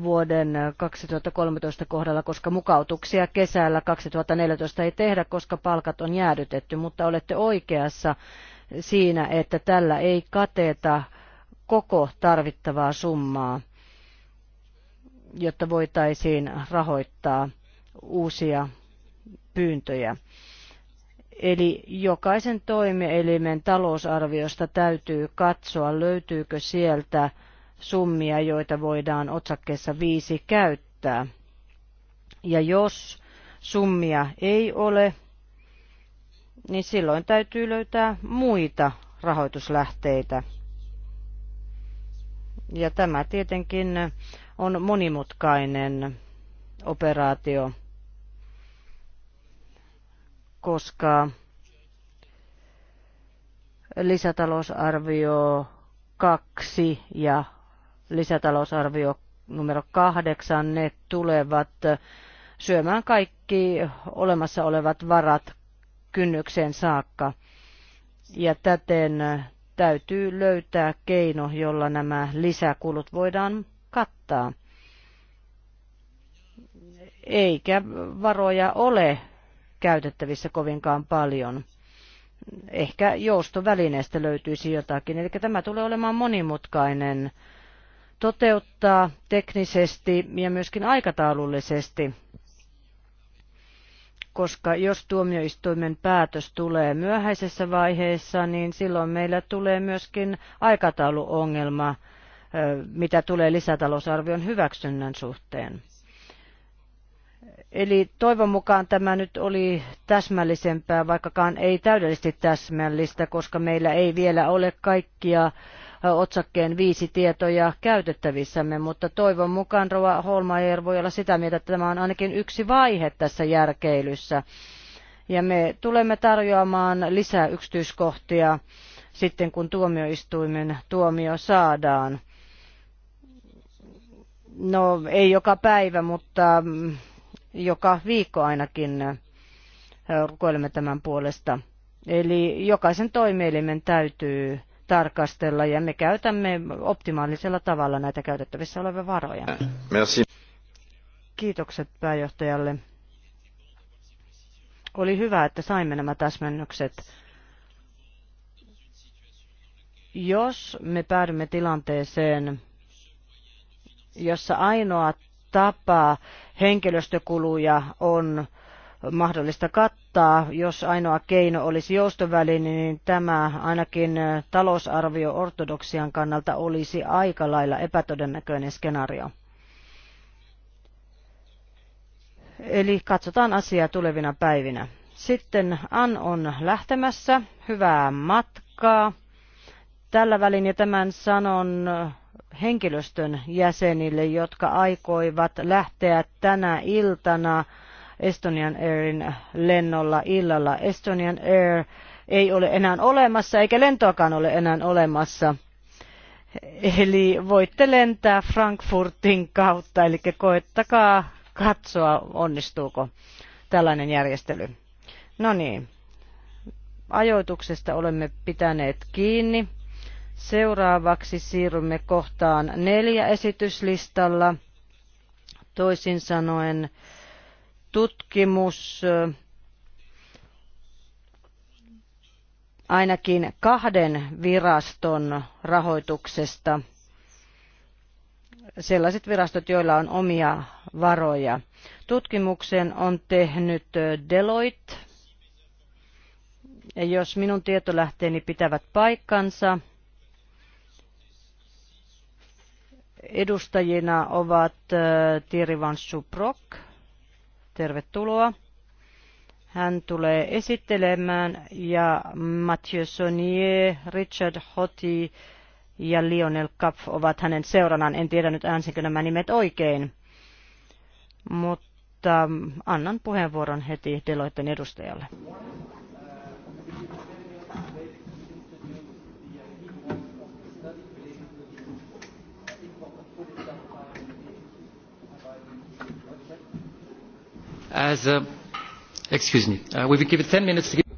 vuoden 2013 kohdalla, koska mukautuksia kesällä 2014 ei tehdä, koska palkat on jäädytetty, mutta olette oikeassa siinä, että tällä ei kateta koko tarvittavaa summaa, jotta voitaisiin rahoittaa uusia pyyntöjä. Eli jokaisen toimielimen talousarviosta täytyy katsoa, löytyykö sieltä summia, joita voidaan otsakkeessa viisi käyttää. Ja jos summia ei ole, niin silloin täytyy löytää muita rahoituslähteitä. Ja tämä tietenkin on monimutkainen operaatio koska lisätalousarvio 2 ja lisätalousarvio numero 8, ne tulevat syömään kaikki olemassa olevat varat kynnykseen saakka. Ja täten täytyy löytää keino, jolla nämä lisäkulut voidaan kattaa. Eikä varoja ole käytettävissä kovinkaan paljon. Ehkä joustovälineestä löytyisi jotakin. Eli tämä tulee olemaan monimutkainen toteuttaa teknisesti ja myöskin aikataulullisesti koska jos tuomioistuimen päätös tulee myöhäisessä vaiheessa, niin silloin meillä tulee myöskin aikatauluongelma, mitä tulee lisätalousarvion hyväksynnän suhteen. Eli toivon mukaan tämä nyt oli täsmällisempää, vaikkakaan ei täydellisesti täsmällistä, koska meillä ei vielä ole kaikkia otsakkeen viisi tietoja käytettävissämme, mutta toivon mukaan Rova Holmaier voi olla sitä mieltä, että tämä on ainakin yksi vaihe tässä järkeilyssä. Ja me tulemme tarjoamaan lisää yksityiskohtia sitten, kun tuomioistuimen tuomio saadaan. No, ei joka päivä, mutta mm, joka viikko ainakin rukoilemme tämän puolesta. Eli jokaisen toimielimen täytyy tarkastella ja me käytämme optimaalisella tavalla näitä käytettävissä olevia varoja. Merci. Kiitokset pääjohtajalle. Oli hyvä, että saimme nämä täsmennykset. Jos me päädymme tilanteeseen, jossa ainoa tapa henkilöstökuluja on mahdollista kattaa. Jos ainoa keino olisi joustoväline, niin tämä ainakin talousarvio ortodoksian kannalta olisi aika lailla epätodennäköinen skenaario. Eli katsotaan asiaa tulevina päivinä. Sitten An on lähtemässä. Hyvää matkaa. Tällä välin ja tämän sanon henkilöstön jäsenille, jotka aikoivat lähteä tänä iltana Estonian Airin lennolla illalla. Estonian Air ei ole enää olemassa, eikä lentoakaan ole enää olemassa. Eli voitte lentää Frankfurtin kautta, eli koettakaa katsoa, onnistuuko tällainen järjestely. No niin, ajoituksesta olemme pitäneet kiinni. Seuraavaksi siirrymme kohtaan neljä esityslistalla. Toisin sanoen tutkimus äh, ainakin kahden viraston rahoituksesta. Sellaiset virastot, joilla on omia varoja. Tutkimuksen on tehnyt äh, Deloitte. Ja jos minun tietolähteeni niin pitävät paikkansa, Edustajina ovat äh, Van Suprok. Tervetuloa. Hän tulee esittelemään ja Mathieu Sonier, Richard Hoti ja Lionel Kapf ovat hänen seuranaan. En tiedä nyt äänsinkö nämä nimet oikein, mutta annan puheenvuoron heti Deloitten edustajalle.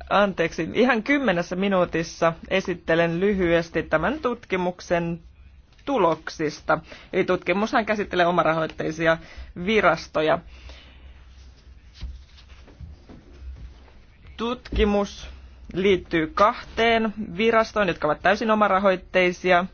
Anteeksi, ihan kymmenessä minuutissa esittelen lyhyesti tämän tutkimuksen tuloksista. Eli tutkimushan käsittelee omarahoitteisia virastoja. Tutkimus liittyy kahteen virastoon, jotka ovat täysin omarahoitteisia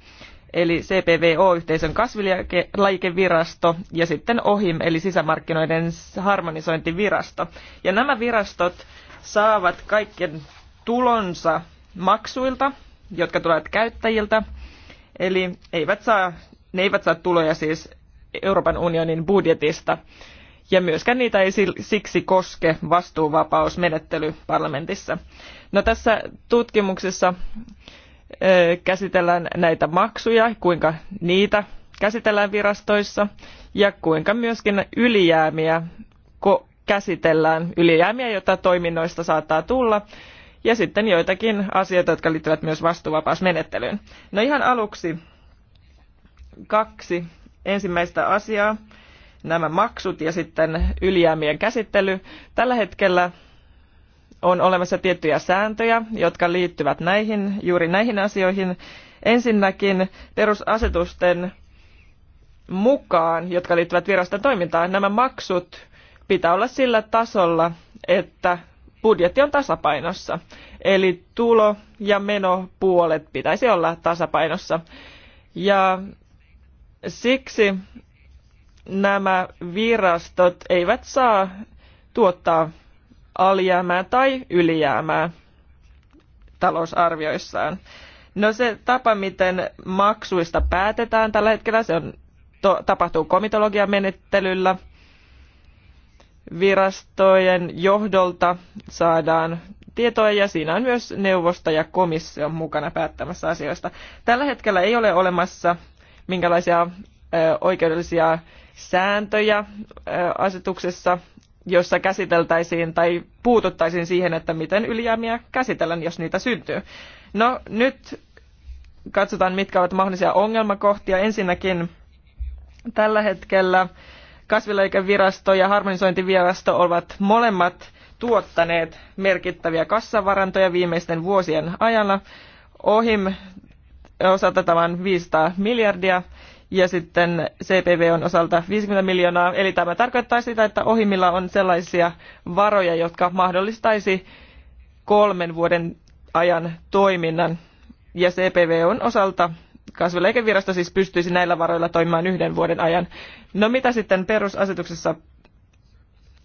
eli CPVO-yhteisön kasvilajikevirasto ja sitten OHIM, eli sisämarkkinoiden harmonisointivirasto. Ja nämä virastot saavat kaiken tulonsa maksuilta, jotka tulevat käyttäjiltä, eli eivät saa, ne eivät saa tuloja siis Euroopan unionin budjetista. Ja myöskään niitä ei siksi koske vastuuvapausmenettely parlamentissa. No tässä tutkimuksessa käsitellään näitä maksuja, kuinka niitä käsitellään virastoissa ja kuinka myöskin ylijäämiä käsitellään, ylijäämiä, joita toiminnoista saattaa tulla, ja sitten joitakin asioita, jotka liittyvät myös vastuuvapausmenettelyyn. No ihan aluksi kaksi ensimmäistä asiaa, nämä maksut ja sitten ylijäämien käsittely. Tällä hetkellä on olemassa tiettyjä sääntöjä, jotka liittyvät näihin, juuri näihin asioihin. Ensinnäkin perusasetusten mukaan, jotka liittyvät viraston toimintaan, nämä maksut pitää olla sillä tasolla, että budjetti on tasapainossa. Eli tulo- ja menopuolet pitäisi olla tasapainossa. Ja siksi nämä virastot eivät saa tuottaa alijäämää tai ylijäämää talousarvioissaan. No se tapa, miten maksuista päätetään tällä hetkellä, se on, to, tapahtuu komitologiamenettelyllä. Virastojen johdolta saadaan tietoja ja siinä on myös neuvosto ja komissio mukana päättämässä asioista. Tällä hetkellä ei ole olemassa minkälaisia oikeudellisia sääntöjä asetuksessa jossa käsiteltäisiin tai puututtaisiin siihen, että miten ylijäämiä käsitellään, jos niitä syntyy. No nyt katsotaan, mitkä ovat mahdollisia ongelmakohtia. Ensinnäkin tällä hetkellä kasvileikevirasto ja harmonisointivirasto ovat molemmat tuottaneet merkittäviä kassavarantoja viimeisten vuosien ajalla. Ohim osalta tämän 500 miljardia ja sitten CPV on osalta 50 miljoonaa. Eli tämä tarkoittaa sitä, että ohimilla on sellaisia varoja, jotka mahdollistaisi kolmen vuoden ajan toiminnan. Ja CPV on osalta kasvileikevirasto siis pystyisi näillä varoilla toimimaan yhden vuoden ajan. No mitä sitten perusasetuksessa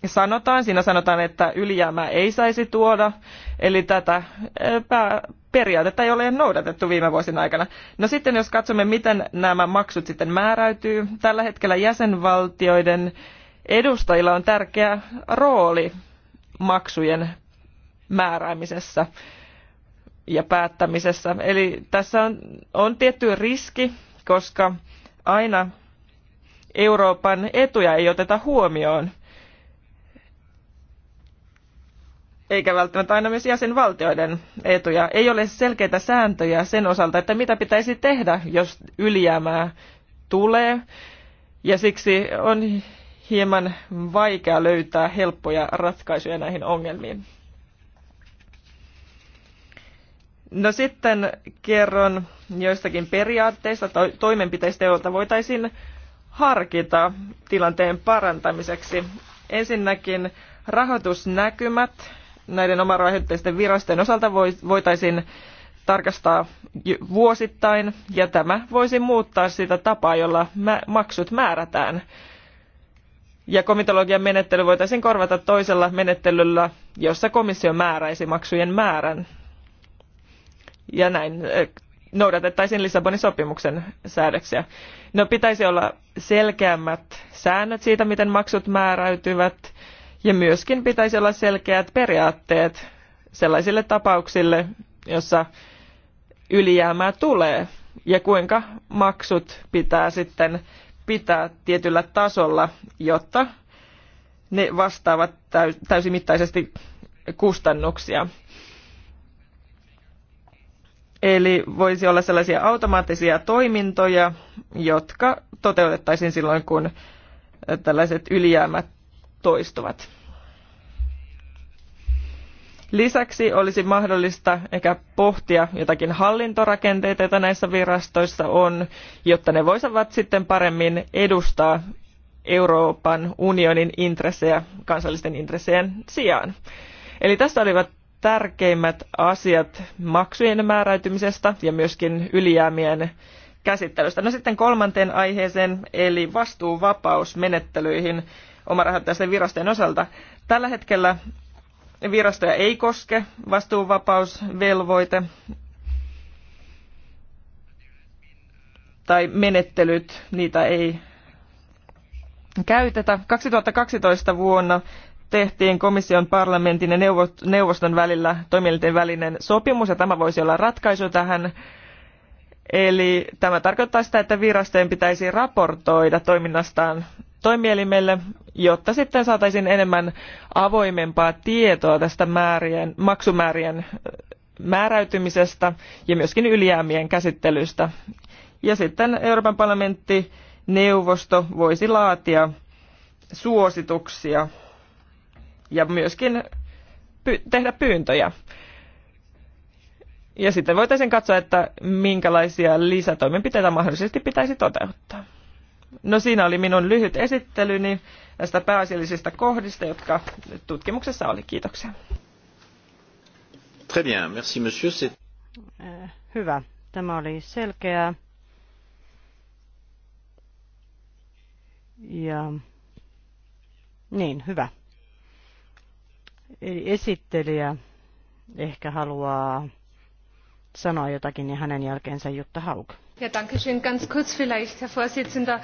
sanotaan? Siinä sanotaan, että ylijäämää ei saisi tuoda, eli tätä eh, periaatetta ei ole noudatettu viime vuosina aikana. No sitten jos katsomme, miten nämä maksut sitten määräytyy, tällä hetkellä jäsenvaltioiden edustajilla on tärkeä rooli maksujen määräämisessä ja päättämisessä. Eli tässä on, on tietty riski, koska aina Euroopan etuja ei oteta huomioon. eikä välttämättä aina myös jäsenvaltioiden etuja. Ei ole selkeitä sääntöjä sen osalta, että mitä pitäisi tehdä, jos ylijäämää tulee. Ja siksi on hieman vaikea löytää helppoja ratkaisuja näihin ongelmiin. No sitten kerron joistakin periaatteista tai toimenpiteistä, joita voitaisiin harkita tilanteen parantamiseksi. Ensinnäkin rahoitusnäkymät näiden omarahoitteisten virastojen osalta voitaisiin tarkastaa vuosittain ja tämä voisi muuttaa sitä tapaa, jolla maksut määrätään. Ja komitologian menettely voitaisiin korvata toisella menettelyllä, jossa komissio määräisi maksujen määrän. Ja näin noudatettaisiin Lissabonin sopimuksen säädöksiä. No pitäisi olla selkeämmät säännöt siitä, miten maksut määräytyvät ja myöskin pitäisi olla selkeät periaatteet sellaisille tapauksille, jossa ylijäämää tulee ja kuinka maksut pitää sitten pitää tietyllä tasolla, jotta ne vastaavat täysimittaisesti kustannuksia. Eli voisi olla sellaisia automaattisia toimintoja, jotka toteutettaisiin silloin, kun tällaiset ylijäämät toistuvat. Lisäksi olisi mahdollista ehkä pohtia jotakin hallintorakenteita, joita näissä virastoissa on, jotta ne voisivat sitten paremmin edustaa Euroopan unionin intressejä kansallisten intressejen sijaan. Eli tässä olivat tärkeimmät asiat maksujen määräytymisestä ja myöskin ylijäämien käsittelystä. No sitten kolmanteen aiheeseen eli vastuuvapausmenettelyihin. menettelyihin omarahoitteisten virastojen osalta. Tällä hetkellä virastoja ei koske vastuuvapausvelvoite tai menettelyt, niitä ei käytetä. 2012 vuonna tehtiin komission parlamentin ja neuvoston välillä toimielinten välinen sopimus ja tämä voisi olla ratkaisu tähän. Eli tämä tarkoittaa sitä, että virastojen pitäisi raportoida toiminnastaan toimielimelle jotta sitten saataisiin enemmän avoimempaa tietoa tästä määrien, maksumäärien määräytymisestä ja myöskin ylijäämien käsittelystä. Ja sitten Euroopan parlamentti, neuvosto voisi laatia suosituksia ja myöskin py- tehdä pyyntöjä. Ja sitten voitaisiin katsoa, että minkälaisia lisätoimenpiteitä mahdollisesti pitäisi toteuttaa. No siinä oli minun lyhyt esittelyni näistä pääasiallisista kohdista, jotka tutkimuksessa oli. Kiitoksia. Très bien, merci monsieur. Äh, hyvä, tämä oli selkeää. Ja niin, hyvä. Eli esittelijä ehkä haluaa sanoa jotakin ja hänen jälkeensä Jutta Hauk. Ja, Ganz kurz vielleicht, Herr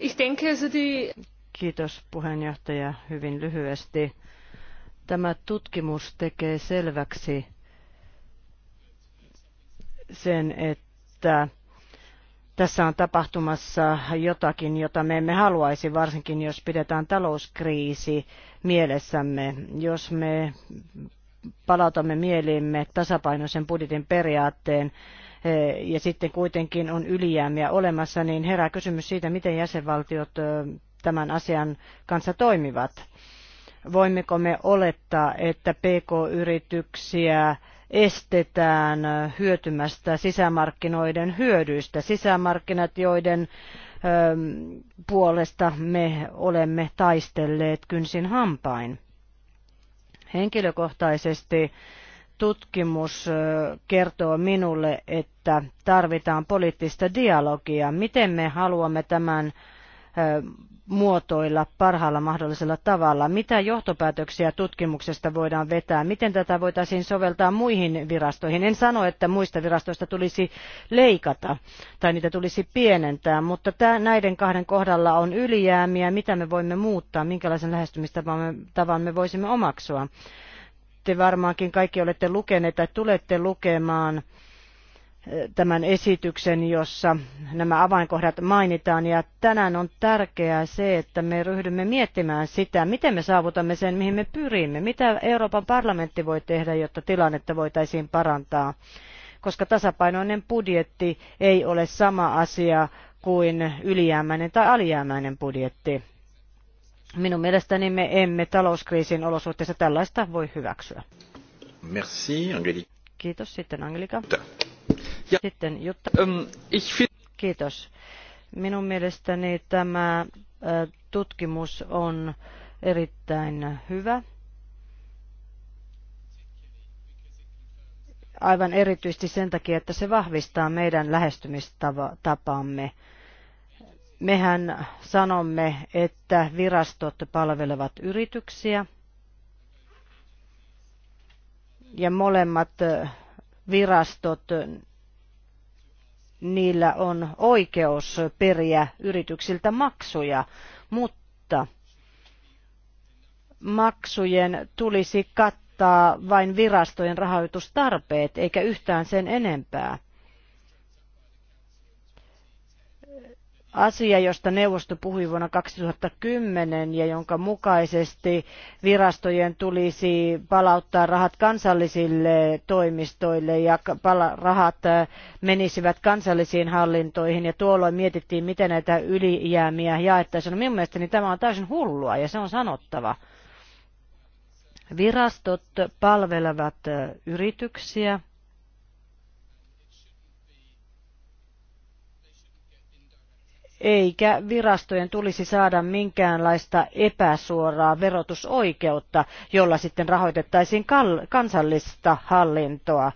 Ich denke, also die... Kiitos puheenjohtaja hyvin lyhyesti. Tämä tutkimus tekee selväksi sen, että tässä on tapahtumassa jotakin, jota me emme haluaisi, varsinkin jos pidetään talouskriisi mielessämme. Jos me palautamme mieliimme tasapainoisen budjetin periaatteen, Eh, ja sitten kuitenkin on ylijäämiä olemassa, niin herää kysymys siitä, miten jäsenvaltiot tämän asian kanssa toimivat. Voimmeko me olettaa, että PK-yrityksiä estetään hyötymästä sisämarkkinoiden hyödyistä, sisämarkkinat, joiden puolesta me olemme taistelleet kynsin hampain. Henkilökohtaisesti tutkimus kertoo minulle, että tarvitaan poliittista dialogia. Miten me haluamme tämän muotoilla parhaalla mahdollisella tavalla? Mitä johtopäätöksiä tutkimuksesta voidaan vetää? Miten tätä voitaisiin soveltaa muihin virastoihin? En sano, että muista virastoista tulisi leikata tai niitä tulisi pienentää, mutta näiden kahden kohdalla on ylijäämiä. Mitä me voimme muuttaa? Minkälaisen lähestymistavan me voisimme omaksua? te varmaankin kaikki olette lukeneet tai tulette lukemaan eh, tämän esityksen, jossa nämä avainkohdat mainitaan. Ja tänään on tärkeää se, että me ryhdymme miettimään sitä, miten me saavutamme sen, mihin me pyrimme. Mitä Euroopan parlamentti voi tehdä, jotta tilannetta voitaisiin parantaa. Koska tasapainoinen budjetti ei ole sama asia kuin ylijäämäinen tai alijäämäinen budjetti. Minun mielestäni me emme talouskriisin olosuhteissa tällaista voi hyväksyä. Merci, Angelika. Kiitos. Sitten Angelika. Ja. Sitten Jutta. Um, ich Kiitos. Minun mielestäni tämä äh, tutkimus on erittäin hyvä. Aivan erityisesti sen takia, että se vahvistaa meidän lähestymistapaamme Mehän sanomme, että virastot palvelevat yrityksiä ja molemmat virastot, niillä on oikeus periä yrityksiltä maksuja, mutta maksujen tulisi kattaa vain virastojen rahoitustarpeet, eikä yhtään sen enempää. asia, josta neuvosto puhui vuonna 2010 ja jonka mukaisesti virastojen tulisi palauttaa rahat kansallisille toimistoille ja rahat äh, menisivät kansallisiin hallintoihin ja tuolloin mietittiin, miten näitä ylijäämiä jaettaisiin. No minun mielestäni tämä on täysin hullua ja se on sanottava. Virastot palvelevat äh, yrityksiä, eikä virastojen tulisi saada minkäänlaista epäsuoraa verotusoikeutta, jolla sitten rahoitettaisiin kansallista hallintoa.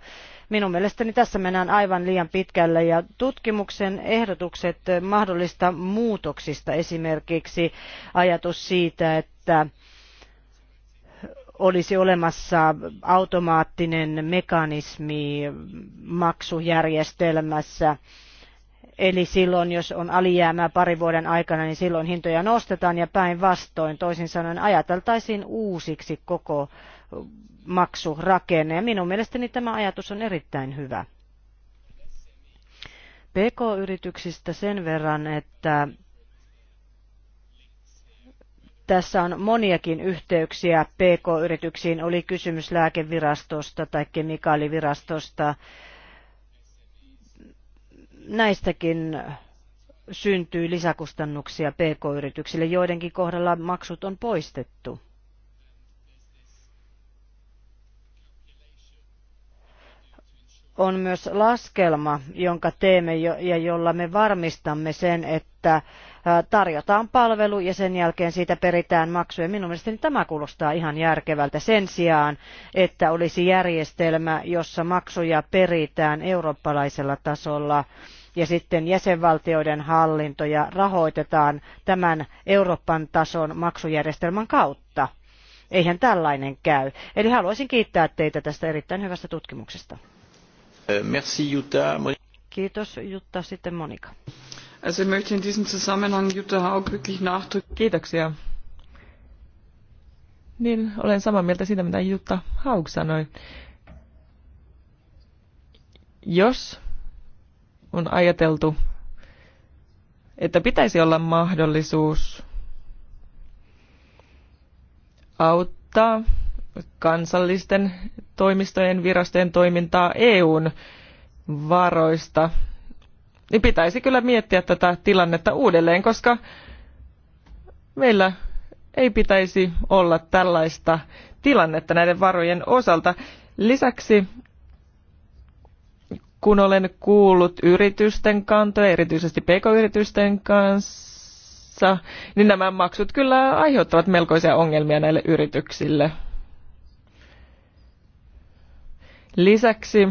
Minun mielestäni tässä mennään aivan liian pitkälle ja tutkimuksen ehdotukset mahdollista muutoksista, esimerkiksi ajatus siitä, että olisi olemassa automaattinen mekanismi maksujärjestelmässä, Eli silloin, jos on alijäämää pari vuoden aikana, niin silloin hintoja nostetaan ja päinvastoin. Toisin sanoen ajateltaisiin uusiksi koko maksurakenne. Ja minun mielestäni tämä ajatus on erittäin hyvä. PK-yrityksistä sen verran, että tässä on moniakin yhteyksiä PK-yrityksiin, oli kysymys lääkevirastosta tai kemikaalivirastosta näistäkin syntyy lisäkustannuksia pk-yrityksille. Joidenkin kohdalla maksut on poistettu. on myös laskelma, jonka teemme ja jolla me varmistamme sen, että tarjotaan palvelu ja sen jälkeen siitä peritään maksuja. Minun mielestäni tämä kuulostaa ihan järkevältä sen sijaan, että olisi järjestelmä, jossa maksuja peritään eurooppalaisella tasolla ja sitten jäsenvaltioiden hallintoja rahoitetaan tämän Euroopan tason maksujärjestelmän kautta. Eihän tällainen käy. Eli haluaisin kiittää teitä tästä erittäin hyvästä tutkimuksesta. Euh, Kiitos Jutta, sitten Monika. Also ich möchte in diesem Zusammenhang Jutta Haug wirklich nachdrücken. Kiitoksia. Niin, olen samaa mieltä siitä, mitä Jutta Haug sanoi. Jos on ajateltu, että pitäisi olla mahdollisuus auttaa kansallisten toimistojen virastojen toimintaa EUn varoista, niin pitäisi kyllä miettiä tätä tilannetta uudelleen, koska meillä ei pitäisi olla tällaista tilannetta näiden varojen osalta. Lisäksi kun olen kuullut yritysten kantoja, erityisesti pk-yritysten kanssa, niin nämä maksut kyllä aiheuttavat melkoisia ongelmia näille yrityksille. Lisäksi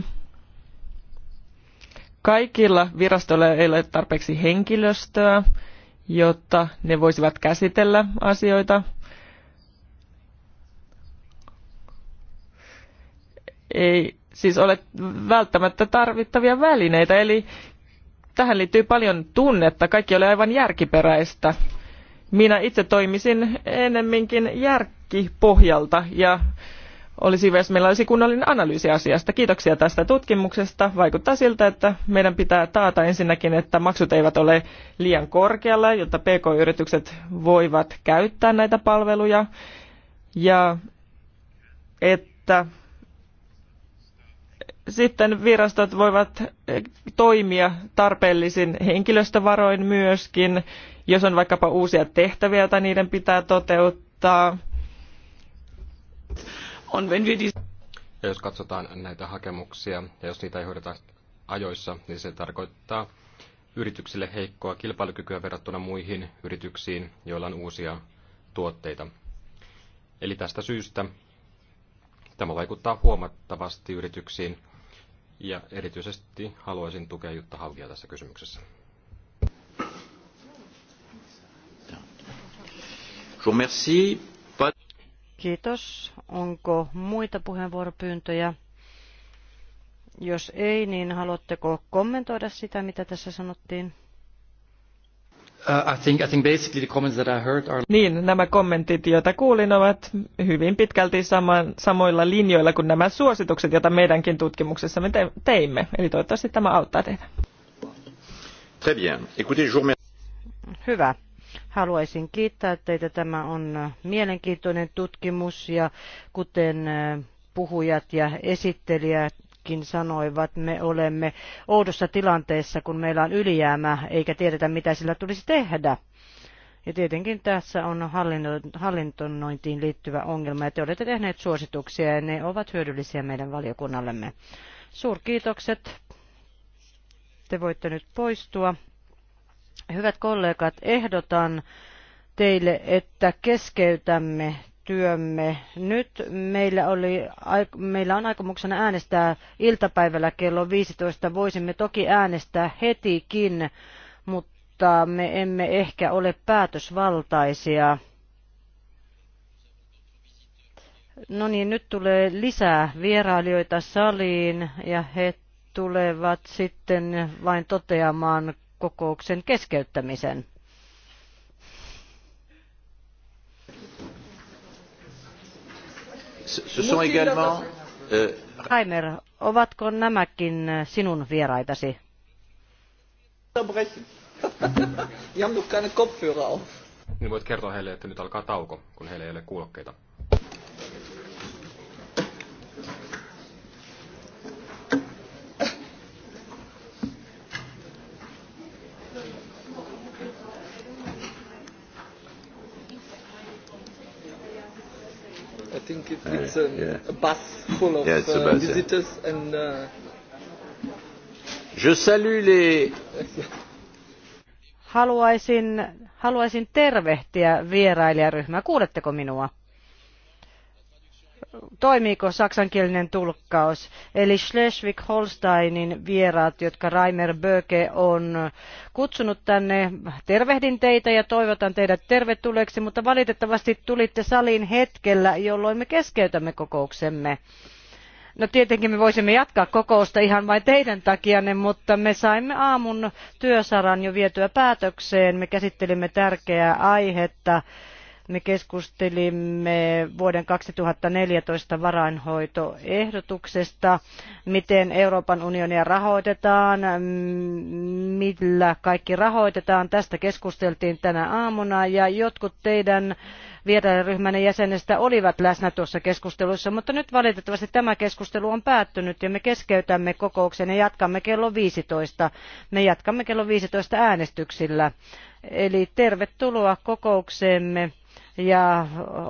kaikilla virastoilla ei ole tarpeeksi henkilöstöä, jotta ne voisivat käsitellä asioita. Ei siis ole välttämättä tarvittavia välineitä, eli tähän liittyy paljon tunnetta. Kaikki oli aivan järkiperäistä. Minä itse toimisin ennemminkin järkipohjalta ja olisi hyvä, jos meillä olisi kunnollinen analyysi asiasta. Kiitoksia tästä tutkimuksesta. Vaikuttaa siltä, että meidän pitää taata ensinnäkin, että maksut eivät ole liian korkealla, jotta pk-yritykset voivat käyttää näitä palveluja. Ja että sitten virastot voivat eh, toimia tarpeellisin henkilöstövaroin myöskin, jos on vaikkapa uusia tehtäviä, joita niiden pitää toteuttaa – ja jos katsotaan näitä hakemuksia ja jos niitä ei hoideta ajoissa, niin se tarkoittaa yrityksille heikkoa kilpailukykyä verrattuna muihin yrityksiin, joilla on uusia tuotteita. Eli tästä syystä tämä vaikuttaa huomattavasti yrityksiin ja erityisesti haluaisin tukea Jutta Haukia tässä kysymyksessä. Je vous remercie. Kiitos. Onko muita puheenvuoropyyntöjä? Jos ei, niin haluatteko kommentoida sitä, mitä tässä sanottiin? Uh, I think, I think basically the comments that I heard are... Niin, nämä kommentit, joita kuulin, ovat hyvin pitkälti sama, samoilla linjoilla kuin nämä suositukset, joita meidänkin tutkimuksessamme te- teimme. Eli toivottavasti tämä auttaa teitä. Très bien. Écoutez, Hyvä. Haluaisin kiittää teitä. Tämä on äh, mielenkiintoinen tutkimus ja kuten äh, puhujat ja esittelijät sanoivat, me olemme oudossa tilanteessa, kun meillä on ylijäämä, eikä tiedetä, mitä sillä tulisi tehdä. Ja tietenkin tässä on hallintointiin liittyvä ongelma, ja te olette tehneet suosituksia, ja ne ovat hyödyllisiä meidän valiokunnallemme. Suurkiitokset. Te voitte nyt poistua. Hyvät kollegat, ehdotan teille, että keskeytämme työmme. Nyt meillä, oli, meillä on aikomuksena äänestää iltapäivällä kello 15. Voisimme toki äänestää hetikin, mutta me emme ehkä ole päätösvaltaisia. No niin, nyt tulee lisää vierailijoita saliin ja he tulevat sitten vain toteamaan kokouksen keskeyttämisen. Heimer, euh, ovatko nämäkin äh, sinun vieraitasi? Niin voit kertoa heille, että nyt alkaa tauko, kun heillä ei ole kuulokkeita. think it, it's a, yeah. a bus full of yeah, uh, bus, visitors yeah. and. Uh... Je salue les. Haluaisin, haluaisin tervehtiä vierailijaryhmää. Kuuletteko minua? toimiiko saksankielinen tulkkaus. Eli Schleswig-Holsteinin vieraat, jotka Reimer Böke on kutsunut tänne, tervehdin teitä ja toivotan teidät tervetulleeksi, mutta valitettavasti tulitte saliin hetkellä, jolloin me keskeytämme kokouksemme. No tietenkin me voisimme jatkaa kokousta ihan vain teidän takianne, mutta me saimme aamun työsaran jo vietyä päätökseen. Me käsittelimme tärkeää aihetta me keskustelimme vuoden 2014 varainhoitoehdotuksesta, miten Euroopan unionia rahoitetaan, millä kaikki rahoitetaan. Tästä keskusteltiin tänä aamuna ja jotkut teidän vierailijaryhmänne jäsenestä olivat läsnä tuossa keskustelussa, mutta nyt valitettavasti tämä keskustelu on päättynyt ja me keskeytämme kokouksen ja jatkamme kello 15. Me jatkamme kello 15 äänestyksillä. Eli tervetuloa kokoukseemme ja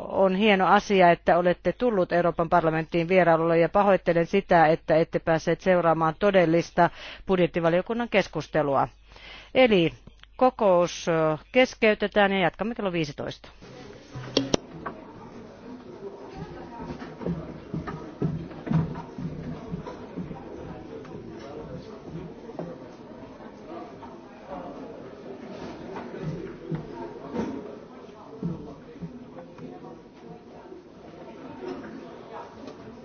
on hieno asia, että olette tullut Euroopan parlamenttiin vierailulle ja pahoittelen sitä, että ette päässeet seuraamaan todellista budjettivaliokunnan keskustelua. Eli kokous keskeytetään ja jatkamme kello 15.